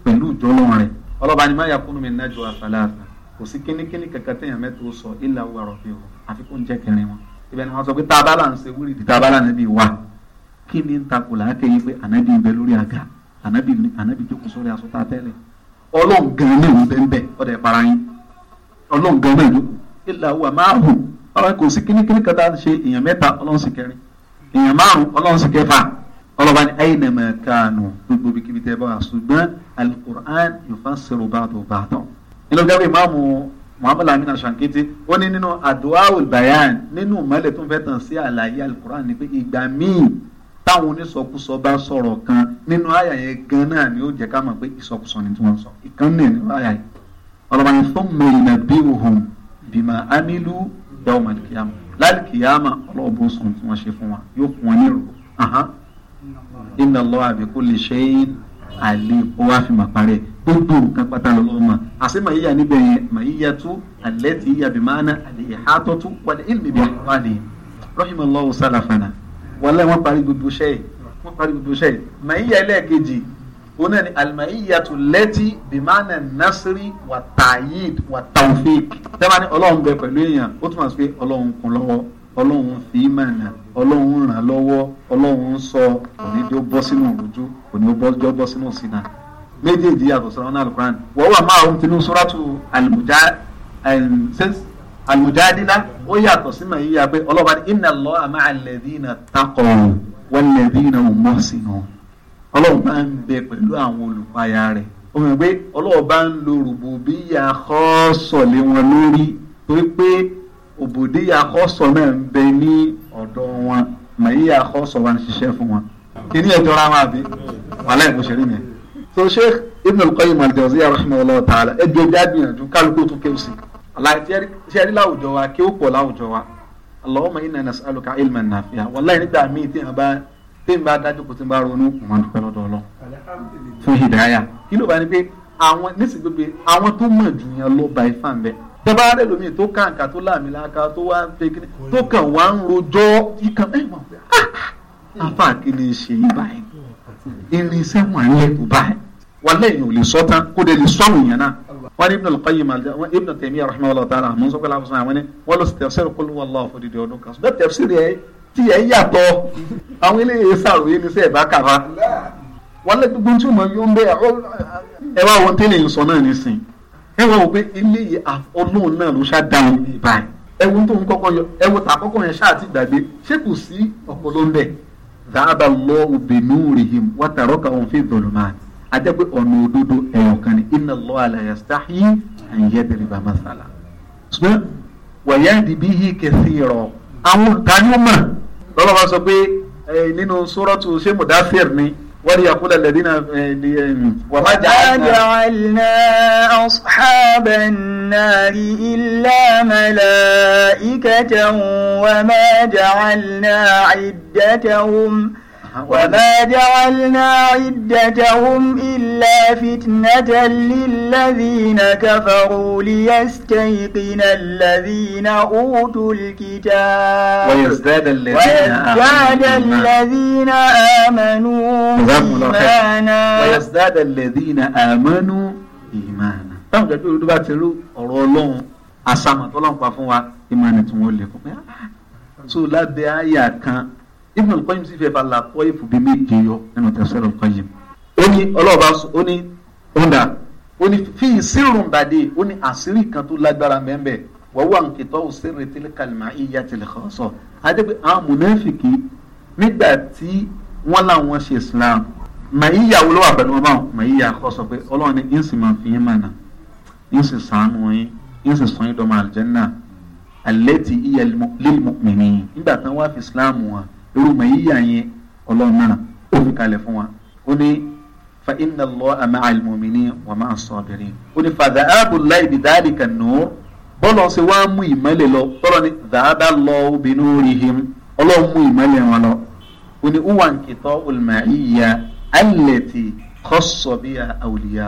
pẹ̀lú ìjọlọ́run rẹ̀ ọlọ́ba ni máyà kúnnú mi nájọ àfàlà àfà kò sí kínníkínní kankan téèyàn mẹ́ta ó sọ ìlà òwúrọ̀ fi hàn àfikún jẹ́ kẹrin wọn ibẹ̀ ni wọ́n sọ pé tá a bá là ń ṣe wúrìdì tá a bá là níbi wa kí ni ń takò láàkè yìí pé ànábì ń bẹ lórí àga ànábì ànábì jókòó sórí aṣọ tá a tẹ́lẹ̀ ọlọ́run gan náà ń bẹ ń bẹ ọ̀dẹ̀ para yín ọlọ́run gan náà jókòó ilà wà máa hù ọlọ́run kò sí kíníkíní kan tá a ṣe èèyàn mẹ́ta ọlọ́run kẹrin èèyàn márùn ọlọ́run kẹfà ọlọ́ba muhammad amin ashankiti ó ní nínú aduawul bayan nínú ìmọ̀lẹ̀ tó ń fẹ́ tàn sí àlàyé alukuran ni pé ìgbà míì táwọn onísọkúsọ bá sọ̀rọ̀ kan nínú àyà yẹn gan náà ni ó jẹ́ ká mọ̀ pé ìsọkúsọ ni tí wọ́n sọ ìkan náà nínú àyà yẹn ọlọ́mọ yẹn fún mẹ́rin bí òhun bímọ amílù yawm al-qiyama lálùkìyàmà ọlọ́ọ̀bù sùn tí wọ́n ṣe fún wa yóò fún wọn ní ìrò inna Allaha bi kulli shay'in ó wá fi mà parẹ́ gbogbo nǹkan pátá lọ́wọ́ ma àṣẹ màá yíya níbẹ̀ yẹn màá yíya tó alẹ́ tí yíya bí máa ná àlẹ́ yẹn hátọ́ tó wàlẹ́ ilmi bí wà lè rọ́hìn mọ́ lọ́wọ́ sálàfànà wàlẹ́ wọn parí gbogbo ṣẹ́ yìí wọn parí gbogbo ṣẹ́ yìí màá yíya ẹlẹ́ẹ̀kejì wọn náà ni alimaiya tó lẹ́tí bí máa ná nasiri wà tààyid wà tàwfik dábàá ní ọlọ́run bẹ pẹ̀lú èèyàn ó túmọ̀ sí pé ọlọ́run kún lọ́wọ́ ọlọ́run fi mànà ọlọ́run ràn lọ́wọ́ ọlọ́run sọ òní tó bọ́ sínú òrùjú òní tó bọ́ sínú sínú méjèèjì yàtọ̀ sọ̀rọ̀ náà alukuran wọ́n wà máa ń tinú suratu almujadila ó yàtọ̀ sí màá yíya pé ọlọ́ba ní inna Allaha ma'a alladhina taqaw walladhina hum muhsinun ọlọ́run bá ń bẹ pẹ̀lú àwọn olùpayà rẹ̀ ó mọ̀ pé ọlọ́run bá ń lo rububiyya khassa lé wọn lórí torí pé ubudiyya khassa náà ń bẹ ní ọ̀dọ̀ wọn màá yíya khassa wa ń ṣiṣẹ́ fún wọn kí ni ẹ̀jọ̀ ra wọn àbí wàhálà ìbùsùn rí yẹn so sheikh ibn al-qayyim al-jawziya rahimahullah ta'ala ẹgbẹ́ ẹgbẹ́ agbìyànjú kálukú tó kéwù sí aláìsíẹ́rí láwùjọ wa kéwù pọ̀ láwùjọ wa allahumma inna nas'aluka ilman nafi'a wallahi nígbà míì tí a bá tí n bá dájú kó tí n bá ronú kò máa dúpẹ́ lọ́dọ̀ ọlọ́ fún hidaya kí ló bá ní pé àwọn nísìsiyìí gbogbo àwọn tó mọ̀ jù yẹn ló ba ifá ń bẹ tẹ́bá rẹ̀ lómi tó kàǹkà tó láàmì láàka tó wá ń pe kíni tó kàn wá ń rojọ́ ikàn ẹ̀ mọ̀ pé àfà ah, ah, kí ni ṣe yí irinṣẹ́ wà lẹ́kùn báyìí wàlẹ́ yìí ò lè sọ tán kó de lè sọ àwọn èèyàn náà wọ́n ní Ibn al-Qayyim àwọn Ibn Taymiyyah rahimahullah ta'ala àmọ́ sọ́kọ́ làwọn sọ́nà àwọn ni wọ́n lọ sí tafsir qul huwallahu fún dídí ọdún kan bẹ́ẹ̀ tafsir yẹn tí yẹn yàtọ̀ àwọn eléyìí sàròyé ní sẹ́ẹ̀ bá kàrà wàlẹ́ gbogbo tí mo yọ ń bẹ́ ẹ wá wọn tẹ́lẹ̀ ń sọ náà nísìn ẹ wọ́n wò pé eléyìí ọlọ́run náà ló ṣá dáhùn ní báyìí wo tó ń kọ́kọ́ yọ ẹ wo tàkọ́kọ́ yẹn ṣáà ti gbàgbé ṣé kò sí ọ̀pọ̀lọ́ ń bẹ̀ dhahaba Allahu bi nurihim wa tarakahum fi dhulumat adẹ́ pé ọ̀nà òdodo ẹ̀yọ̀ kan ní inna Allaha la yastahi an yadriba mathala ṣùgbọ́n wàyáàdì bihi kathira àwọn olùtaniwọ́mọ̀ lọ́lọ́wọ́ sọ pé nínú sórọ́tù ṣé Mudaththir ni وليقول الذين وما جعلنا أصحاب النار إلا ملائكة وما جعلنا عدتهم وما جعلنا عدتهم إلا فتنة للذين كفروا ليستيقن الذين أوتوا الكتاب ويزداد الذين, ويزداد الذين آمنوا إيمانا ويزداد الذين آمنوا إيمانا táwọn fún wa ìmọ̀ ẹni tí wọ́n lè fún pé so lábẹ́ àyà kan Ibn al-Qayyim sì fẹ́ bá la tọ́ ìfù bíi méje yọ nínú tafsir al-Qayyim. ó ní ọlọ́ọ̀bá ó ní ọ̀dà ó fi sírun bàdé oni asiri àṣírí kan tó lágbára mẹ́mbẹ́ wọ́n wà nkìtọ́ òṣèré tẹ́lẹ̀ kalima ìyá tẹ́lẹ̀ kan sọ. adébẹ́ àwọn mùnáfìkì nígbà tí wọ́n láwọn ṣe Islam mà yíyà wọlé wà pẹ̀lú ọmọ mà yíyà kọ́ sọ pé ọlọ́run ní ń sì máa fi yín mànà ń sì sànù yín ń sì sọ yín dọ́mọ àlùjànnà allati ìyá lil mu'minin nígbà tán wá fi Islam wọn irú màyíyà yẹn ọlọ́run náà ó fi kalẹ̀ fún wa ó ní fa inna Allaha ma'al mu'minina wa ma'as sabirin ó ní fa dha'abu Allahi bi dhalika nur bọ́lọ̀ ṣe wá mú ìmọ́lẹ̀ lọ tọ́lọ́ ní dha'aba Allahu bi nurihim ọlọ́run mú ìmọ́lẹ̀ wọn lọ ó ní uwa nkita'ul ma'iyya allati khassa biha awliya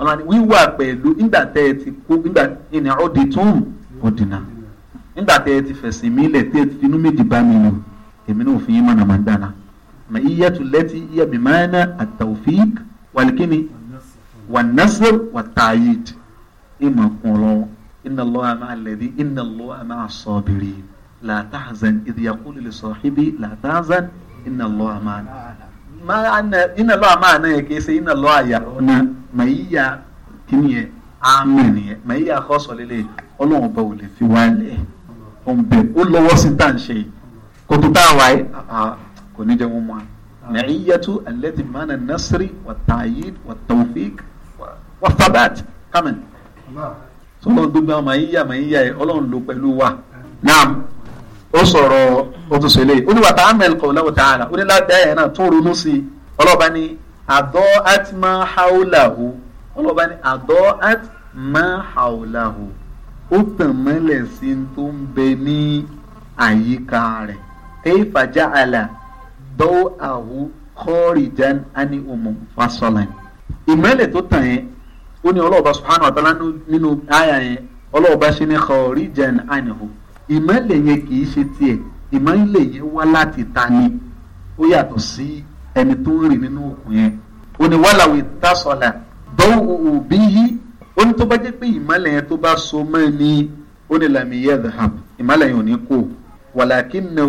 ọlọ́run wíwà pẹ̀lú nígbà tẹ́ ẹ ti kú nígbà ìní ọ̀dì tún ọ̀dìnà nígbà tẹ́ ẹ ti fẹ̀sìn mí lẹ̀ tẹ́ ẹ ti finú méjì bá mi lò èmi náà fi yín mọ̀nà máa ń dáná mà iyẹ́ tu lẹ́tí iyẹ́ bí máa ń ná àtàwọ̀fíìk wàlíkíni wà násìr wà tààyèd ìmọ̀ kún lọ́wọ́ iná lọ́wọ́ àmà àlẹ́dí iná lọ́wọ́ àmà àsọ̀bìrì làtàzán ìdíyàkúlù lè sọ̀híbi làtàzán iná lọ́wọ́ àmà àná. iná lọ́wọ́ àmà àná yẹ kése iná lọ́wọ́ àyà ọ̀nà mà iyà kíníyẹ àmì nìyẹ mà iyà kọ́sọ̀ lélẹ̀ ọlọ́run bá wò lè fi wá lẹ̀ ọ̀nbẹ kòtò tá a wáyé kò ní jẹ́ wọn mọ́ nàìyẹ́tù alẹ́dì mánà nasiri wà tààyè wà tawfik wà sabat kàmẹ́ sọlọ gbogbo àwọn àyíyá àyíyá yẹ ọlọ́run ló pẹ̀lú wa naam ó sọ̀rọ̀ ó tún sọ eléyìí ó ní wàtá amẹ́lì kọ̀ọ̀lá wàtá àlà ó ní láti ẹ̀yẹ náà tó ronú sí i ọlọ́ba ní àdọ́ àtìmá haúláhù ọlọ́ba ní àdọ́ àtìmá haúláhù ó tàn mọ́lẹ̀ sí tó ń bẹ ní àyíká rẹ̀ kayfa ja'ala daw'ahu kharijan ani umu fasalan ìmọ̀lẹ̀ tó tàn yẹn ó ní ọlọ́ọ̀bá subhanahu wa ta'ala nínú àyà yẹn ọlọ́ọ̀bá ṣe ní kharijan anhu ìmọ̀lẹ̀ yẹn kì í ṣe tiẹ̀ ìmọ̀lẹ̀ yẹn wá láti ta ni ó yàtọ̀ sí ẹni tó ń rìn nínú òkun yẹn ó ní wàláwì tásọ̀là dọ́wọ́ òbí yí ó ní tó bá jẹ́ pé ìmọ̀lẹ̀ yẹn tó bá so mọ́ ni ó ní làmìyẹ́ dhahab ìmọ̀lẹ̀ yẹn ò ní kó wàlákìnnà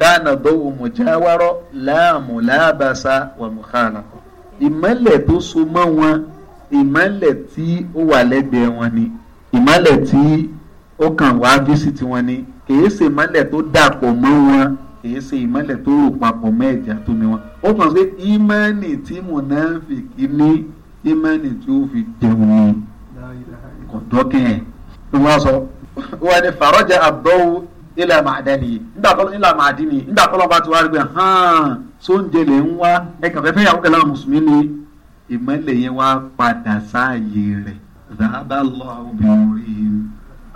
kana dọ́wọ́ mọ̀jáwárọ́ láàmú láàbàṣà wà mùkàlà ìmọ̀lẹ̀ tó so mọ́ wọn ìmọ̀lẹ̀ tí ó wà lẹ́gbẹ̀ẹ́ wọn ni ìmọ̀lẹ̀ tí ó kàn wá fíṣítì wọn ni kìí ṣe ìmọ̀lẹ̀ tó dàpọ̀ mọ́ wọn kìí ṣe ìmọ̀lẹ̀ tó rò papọ̀ mọ́ ẹ̀jẹ̀ àtomi wọn ó kàn pé ìmọ̀nì tí mùnáfìkì ní ìmọ̀nì tí ó fi jẹun ni kò dọ́kẹ́ ẹ̀ wọ́n sọ wọ́n ní fàrọ́jà àbọ̀wò ilẹ̀ màdẹ́ni nígbà màdẹ́ni nígbà tọ́lọ́ bá ti wá rí pé hàn sóúnjẹ lè ń wá ẹ kàfẹ́ fẹ́ yàwó kẹlẹ́ mùsùlùmí ni ìmọ̀lẹ̀ yẹn wá padà sáàyè rẹ̀ ràbà lọ àwọn obìnrin rí i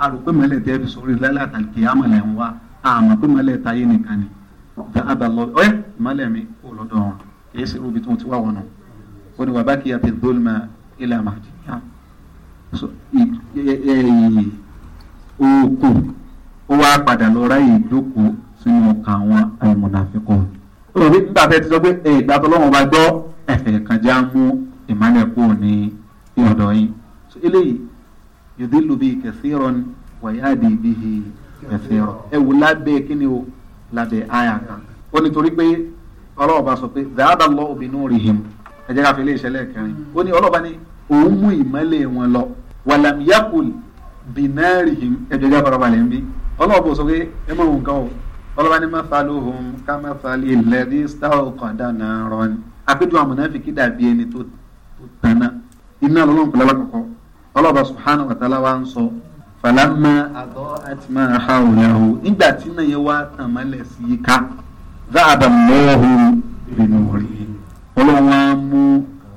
àròpé mọ̀lẹ̀ tẹ́ fi sórí lẹ́lẹ́ àtàlùkì àmọ̀lẹ̀ ń wá àmọ̀ pé mọ̀lẹ̀ táyé nìkan ni ràbà lọ ọ̀yẹ́ ìmọ̀lẹ̀ mi kò lọ́dọ̀ wọn èyí sì rúbi tí wọ́n ti wá wọnà ó wá padà lọ ráyè ìjókòó sínú ọkàn àwọn àìmọ̀nàfikọ́ ọ̀rọ̀ mi nígbà tẹ́ ti sọ pé ìgbà tó lọ́wọ́ bá gbọ́ ẹ̀fẹ̀ kan já mú ìmálẹ̀ kú ní ọ̀dọ̀ yìí so eléyìí yòdìlù bíi kẹsìrọ̀n wàyáàdì bíi kẹsìrọ̀ ẹ wò lábẹ́ kíni o lábẹ́ àyà kan ó nítorí pé ọlọ́wọ́ sọ pé zàádà lọ òbínú rì hìm ẹ jẹ́ ká fi iléeṣẹ́ lẹ́ẹ̀kẹrin ó ní ọlọ́ọ̀bù sọ pé ẹ mọ̀ òun gan o ọlọ́ba ní mathaluhum ká mathali alladhi istawqada naran àpéjọ àmọ̀náfíkì dàbí ẹni tó tanná iná lọ́lọ́run pẹ̀lú alákọ̀ọ́kọ́ ọlọ́ọ̀bà subhanahu wa ta'ala wa ń sọ falamma adha'at ma hawlahu nígbà tí náà yẹ wá tàn mọ́lẹ̀ sí i ká dhahaba Allahu bi nurihi ọlọ́run á mú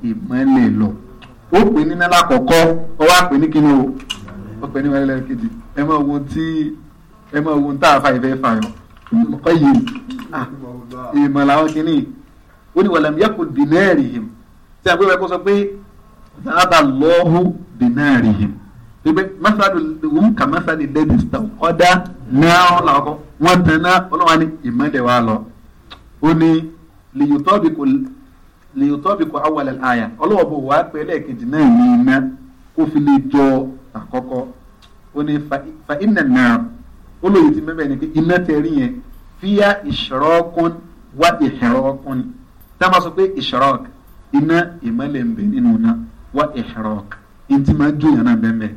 ìmọ́lẹ̀ lọ ó pè ní nílá kọ̀ọ̀kọ́ ó wá ní kíni o ó pè ní wàlẹ́lẹ́ kejì ẹ máa wo tí ẹ mọ ohun tá a fa ìfẹ́ fa yàn ọkọ yìí ìmọ̀ làwọn kìíní ó ní wàlẹ̀ yẹ kó dìnnẹ́ẹ̀rì yìí tí a gbé wẹ́ẹ́ kó sọ pé sábà lọ́hù dìnnẹ́ẹ̀rì yìí pípẹ́ mẹ́sàdù wọ́n kà mẹ́sàdù lẹ́bi sàwọ́ ọ̀dà náà làwọn wọ́n tẹ̀ náà ọlọ́wà ní ìmọ̀dẹ̀ wa lọ ó ní lèyòtọ́ bí kò awàlẹ̀ àyà ọlọ́wọ́ bò wá pé ẹlẹ́ẹ̀kejì náà ní iná kó fi lè jọ àkọ́kọ́ ó ní fa iná náà ó lóye ti mẹ́mẹ́ ni pé iná tẹ̀rí yẹn fíyà ìṣòrọ́kún wá ìṣòrọ́kún ni tá a máa sọ pé ìṣòrọ́k iná ìmọ̀lẹ̀ ń bẹ nínú iná wá ìṣòrọ́k ní máa jó yẹn náà bẹ́ẹ̀ bẹ́ẹ̀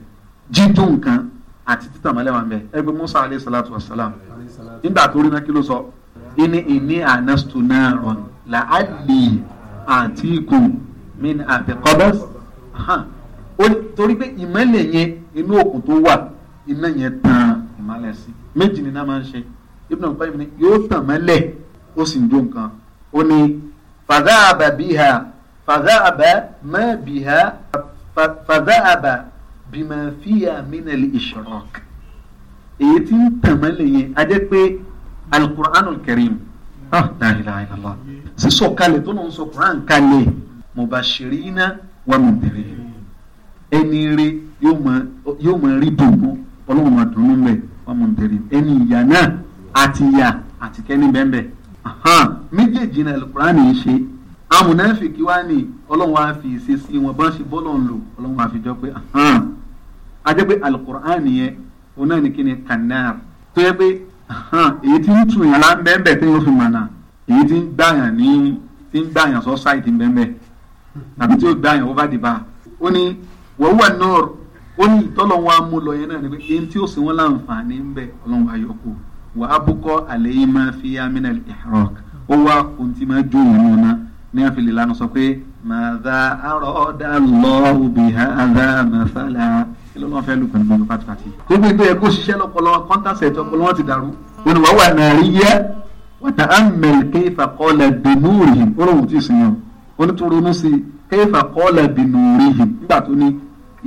jíjó nǹkan àti títà mọ́lẹ̀ wà ń bẹ ẹgbẹ́ Musa alayhi salatu wa salam nígbà tó rí náà kí ló sọ ini ini anastu naaron la'alli atikum min àtẹkọ́bẹ́s torí pé ìmọ̀lẹ̀ yẹn inú òkun tó wà iná yẹn tán mọ́lẹ̀ sí méjì ni náà máa ń ṣe Ibn al-Qayyim ni yóò tàn mọ́lẹ̀ ó sì ń jó nǹkan ó ní fadhaba biha fadhaba ma biha fadhaba bima fiha min al-ishrak èyí tí ń tàn mọ́lẹ̀ yẹn a jẹ́ pé al-Qur'anul ah, sísọ kalẹ̀ tó náà ń sọ Qur'an kalẹ̀ mubashirina wa mundhirin ẹni rẹ yóò máa rí dùnú ọlọ́run máa dùnú mẹ́ẹ̀ fọmùntèrè ẹni ìyà náà àti ìyà àti kẹ́ni bẹ́ẹ̀ méjèèjì náà alukurani ń ṣe amúnáfìkì wá ní ọlọ́run wá fi ṣe sí wọn bá ṣe bọ́lọ̀ ń lò ọlọ́run wá fi jọ pé ajẹ́ pé alukurani yẹn òun náà ní kíni kanar tó yẹ pé èyí tí ń tún yàn lábẹ́ẹ̀bẹ́ tí yóò fi mọ̀nà èyí tí ń gbàyàn ní tí ń gbàyàn sọ́sáìtì bẹ́ẹ̀ bẹ́ẹ̀ tàbí tí ó gbàyàn over the bar ó ní wọ́wọ́ náà ó ní ìtọ́lọ́wọ́ amú lọ yẹn náà ni pé yẹn tí ó sì wọ́n láǹfààní ń bẹ̀ ọlọ́run ayọ̀kù wà á búkọ́ àlẹ́ yìí máa fi amínà ìhàrọ̀k ó wá ohun tí máa jó òun náà ní àfilè lánàá sọ pé màdà àròdà lọ òbí àdá màsálà kí ló máa fẹ́ lù pẹ̀lú pẹ̀lú pátápátá. gbogbo ìgbé ẹ̀kọ́ ṣiṣẹ́ lọ́pọlọ kọ́ńtàṣẹ̀tì ọpọlọ wọn ti dàrú wọn ni wàá yẹ wàtà àmẹ̀l kéfà kọ́lẹ̀ bínúùrì ó lóun ti sìn yàn ó sí kéfà kọ́lẹ̀ bínúùrì nígbà tó ní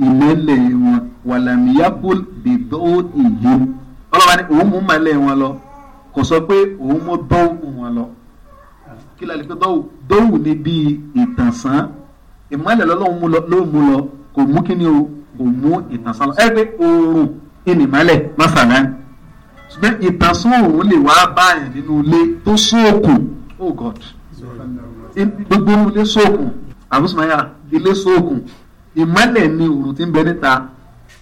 ìmẹ́lẹ̀ wọn wàlàmìyàkùl bìbọ́ ìyó ọlọ́wà ni òun mú màlẹ̀ wọn lọ kò sọ pé òun mú dọ́wù wọn lọ kí la lè pe dọ́wù dọ́wù ni bíi ìtànsán ìmọ̀lẹ̀ lọ́lọ́run mú lọ ló mú lọ kò mú kí ni o kò mú ìtànsán lọ ẹ pé oòrùn ìnìmọ̀lẹ̀ mọ́sàlá ṣùgbọ́n ìtànsán òun lè wá báyìí nínú ilé tó sóòkùn oh god gbogbo ilé sóòkùn àbúsùmáyà ilé sóòkùn ìmọ́lẹ̀ ni òòrùn ti ń bẹ níta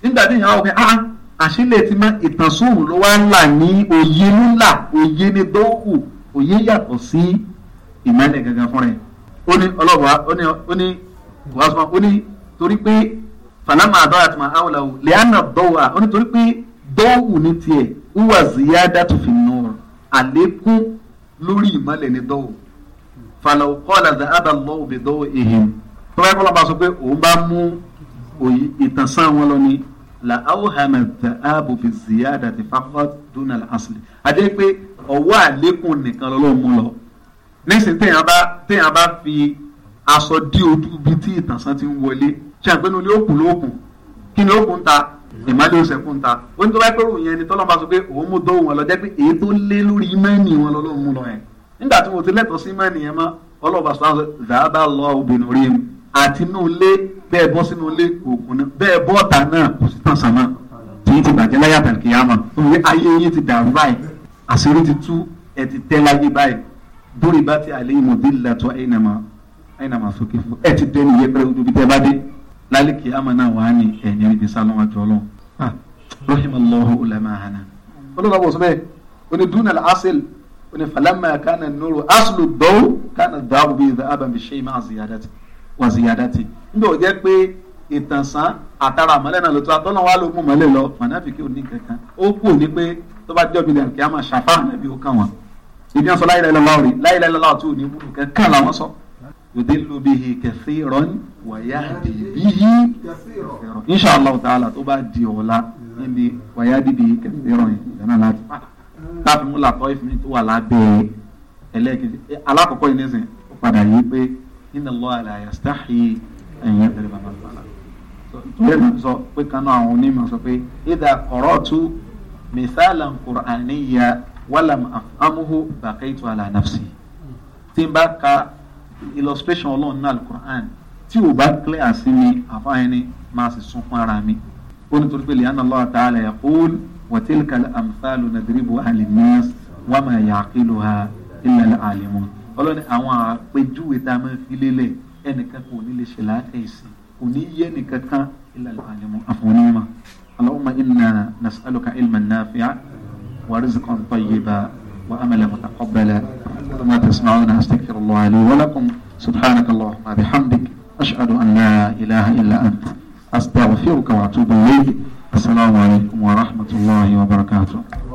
nígbà tí ìyàwó pé ah àṣìlẹ̀ ti mọ ìtànsùn òòrùn ló wá ń là ní òye ńlá òye ni dọ́wù òye yàtọ̀ sí ìmọ́lẹ̀ gangan fúnra ẹ̀ ó ní ọlọ́wà ó ní ó ní wàásùmá ó ní torí pé fàlámà àdọ́wà tó máa hàwùlà o lẹ́yìn àdọ́wà ó ní torí pé dọ́wù ní tiẹ̀ wúwà ziyada tó fi nù àlékún lórí ìmọ́lẹ̀ ni dọ́wù fàlàwù kọ́lá tọ́wọ́ ẹ̀fọ́ lọ́ba sọ pé òun bá mú ìtànsán wọn lọ ni la awhama dha'abu fi ziyadati faqat duna al asili. adé pé ọwọ́ àlékún nìkan lọ́lọ́ mú lọ nísìnyí téèyàn bá téèyàn bá fi aṣọ dí ojú ibi tí ìtànsán ti ń wọlé ṣe àgbẹ̀nu ní òkun lóòkun kí ni òkun ta ìmọ̀lẹ́ oṣù ẹ̀kún ta ó ní tó bá pẹ́ òun ni tọ́lọ́ bá sọ pé òun mú dọ́wọ́ wọn lọ jẹ́ pé èyí tó lé lórí mẹ́ẹ̀nì wọn lọ́lọ́ mú lọ yẹn nígbà tí mo ti lẹ́tọ̀ọ́ sí mẹ́ẹ̀nì yẹn mọ́ ọlọ́ọ̀bà sọ àti inú ilé bẹ́ẹ̀ bọ́ sínú ilé oògùn náà bẹ́ẹ̀ bọ́ ọ̀tá náà kò sí tàn sàmà kì í ti bàjẹ́ láyà tàbí kì í àmà òwe ayé yín ti dàrú báyìí àṣírí ti tú ẹ ti tẹ́ láyé báyìí dórí bá ti àlẹ́ yìí mo dé làtọ́ ẹ̀yìnàmà ẹ̀yìnàmà sókè fún ẹ ti dẹ́nu yẹ pẹ́rẹ́ ojú bí tẹ́ bá dé lálẹ́ kì í àmà náà wà ní ẹ̀yìn ẹ̀yìn sálọ́ wájú ọlọ́run ah, rahimallahu ulamahana olóòwò àbọ̀ sọ́bẹ̀ oní dunal asil oní falamma kana nuru wọ́n sì yàda tì nígbà ó jẹ́ pé ìtànsán àtàrà àmọ́lẹ̀ náà ló tó atọ́nà wa ló mú mọ́lẹ̀ lọ mọ̀nàfíkì òní kankan ó kú òní pé tó bá jọ́bi lẹ́nu kí á máa ṣàfà nàbí ó kàn wọ́n ibi wọn sọ láyé lẹ́lẹ́ lọ́wọ́ rí láyé lẹ́lẹ́ lọ́wọ́ tó ní wúlò kankan làwọn sọ. yòdì lu bihi kathiran wa yahdi bihi kathiran insha Allah ta'ala tó bá di ọ̀la níbi wa yahdi bihi kathiran yìí ìdáná láti pa táàbù múlà ìfúnni tó wà lábẹ́ ẹlẹ́ẹ̀kejì alákọ̀ọ́kọ́ yìí inna Allaha la yastahi ẹ̀yìn ẹ̀dẹ̀rẹ̀ bàbá bàbá bẹ́ẹ̀ ni sọ pé kan náà àwọn onímọ̀ sọ pé idha qara'tu mithalan qur'aniyya walam afhamuhu baqaytu ala nafsi tí n bá ka illustration ọlọ́run náà alukur'an tí o bá clear sí mi àfáàyàn ni máa sì sunkún ara mi ó ní torí pé li anna Allah ta'ala yaqul wa tilka al-amthalu nadribuha lin-nas wa ma ya'qiluha ọlọ́ni àwọn àpèjúwe tá a máa fi lélẹ̀ ẹnìkan kò ní lè ṣe kò ní yé nìkan kan اللهم إنا نسألك علما نافعا ورزقا طيبا وأملا متقبلا ما تسمعون أستغفر الله لي ولكم سبحانك اللهم بحمدك أشهد أن لا إله إلا أنت أستغفرك وأتوب إليك السلام عليكم ورحمة الله وبركاته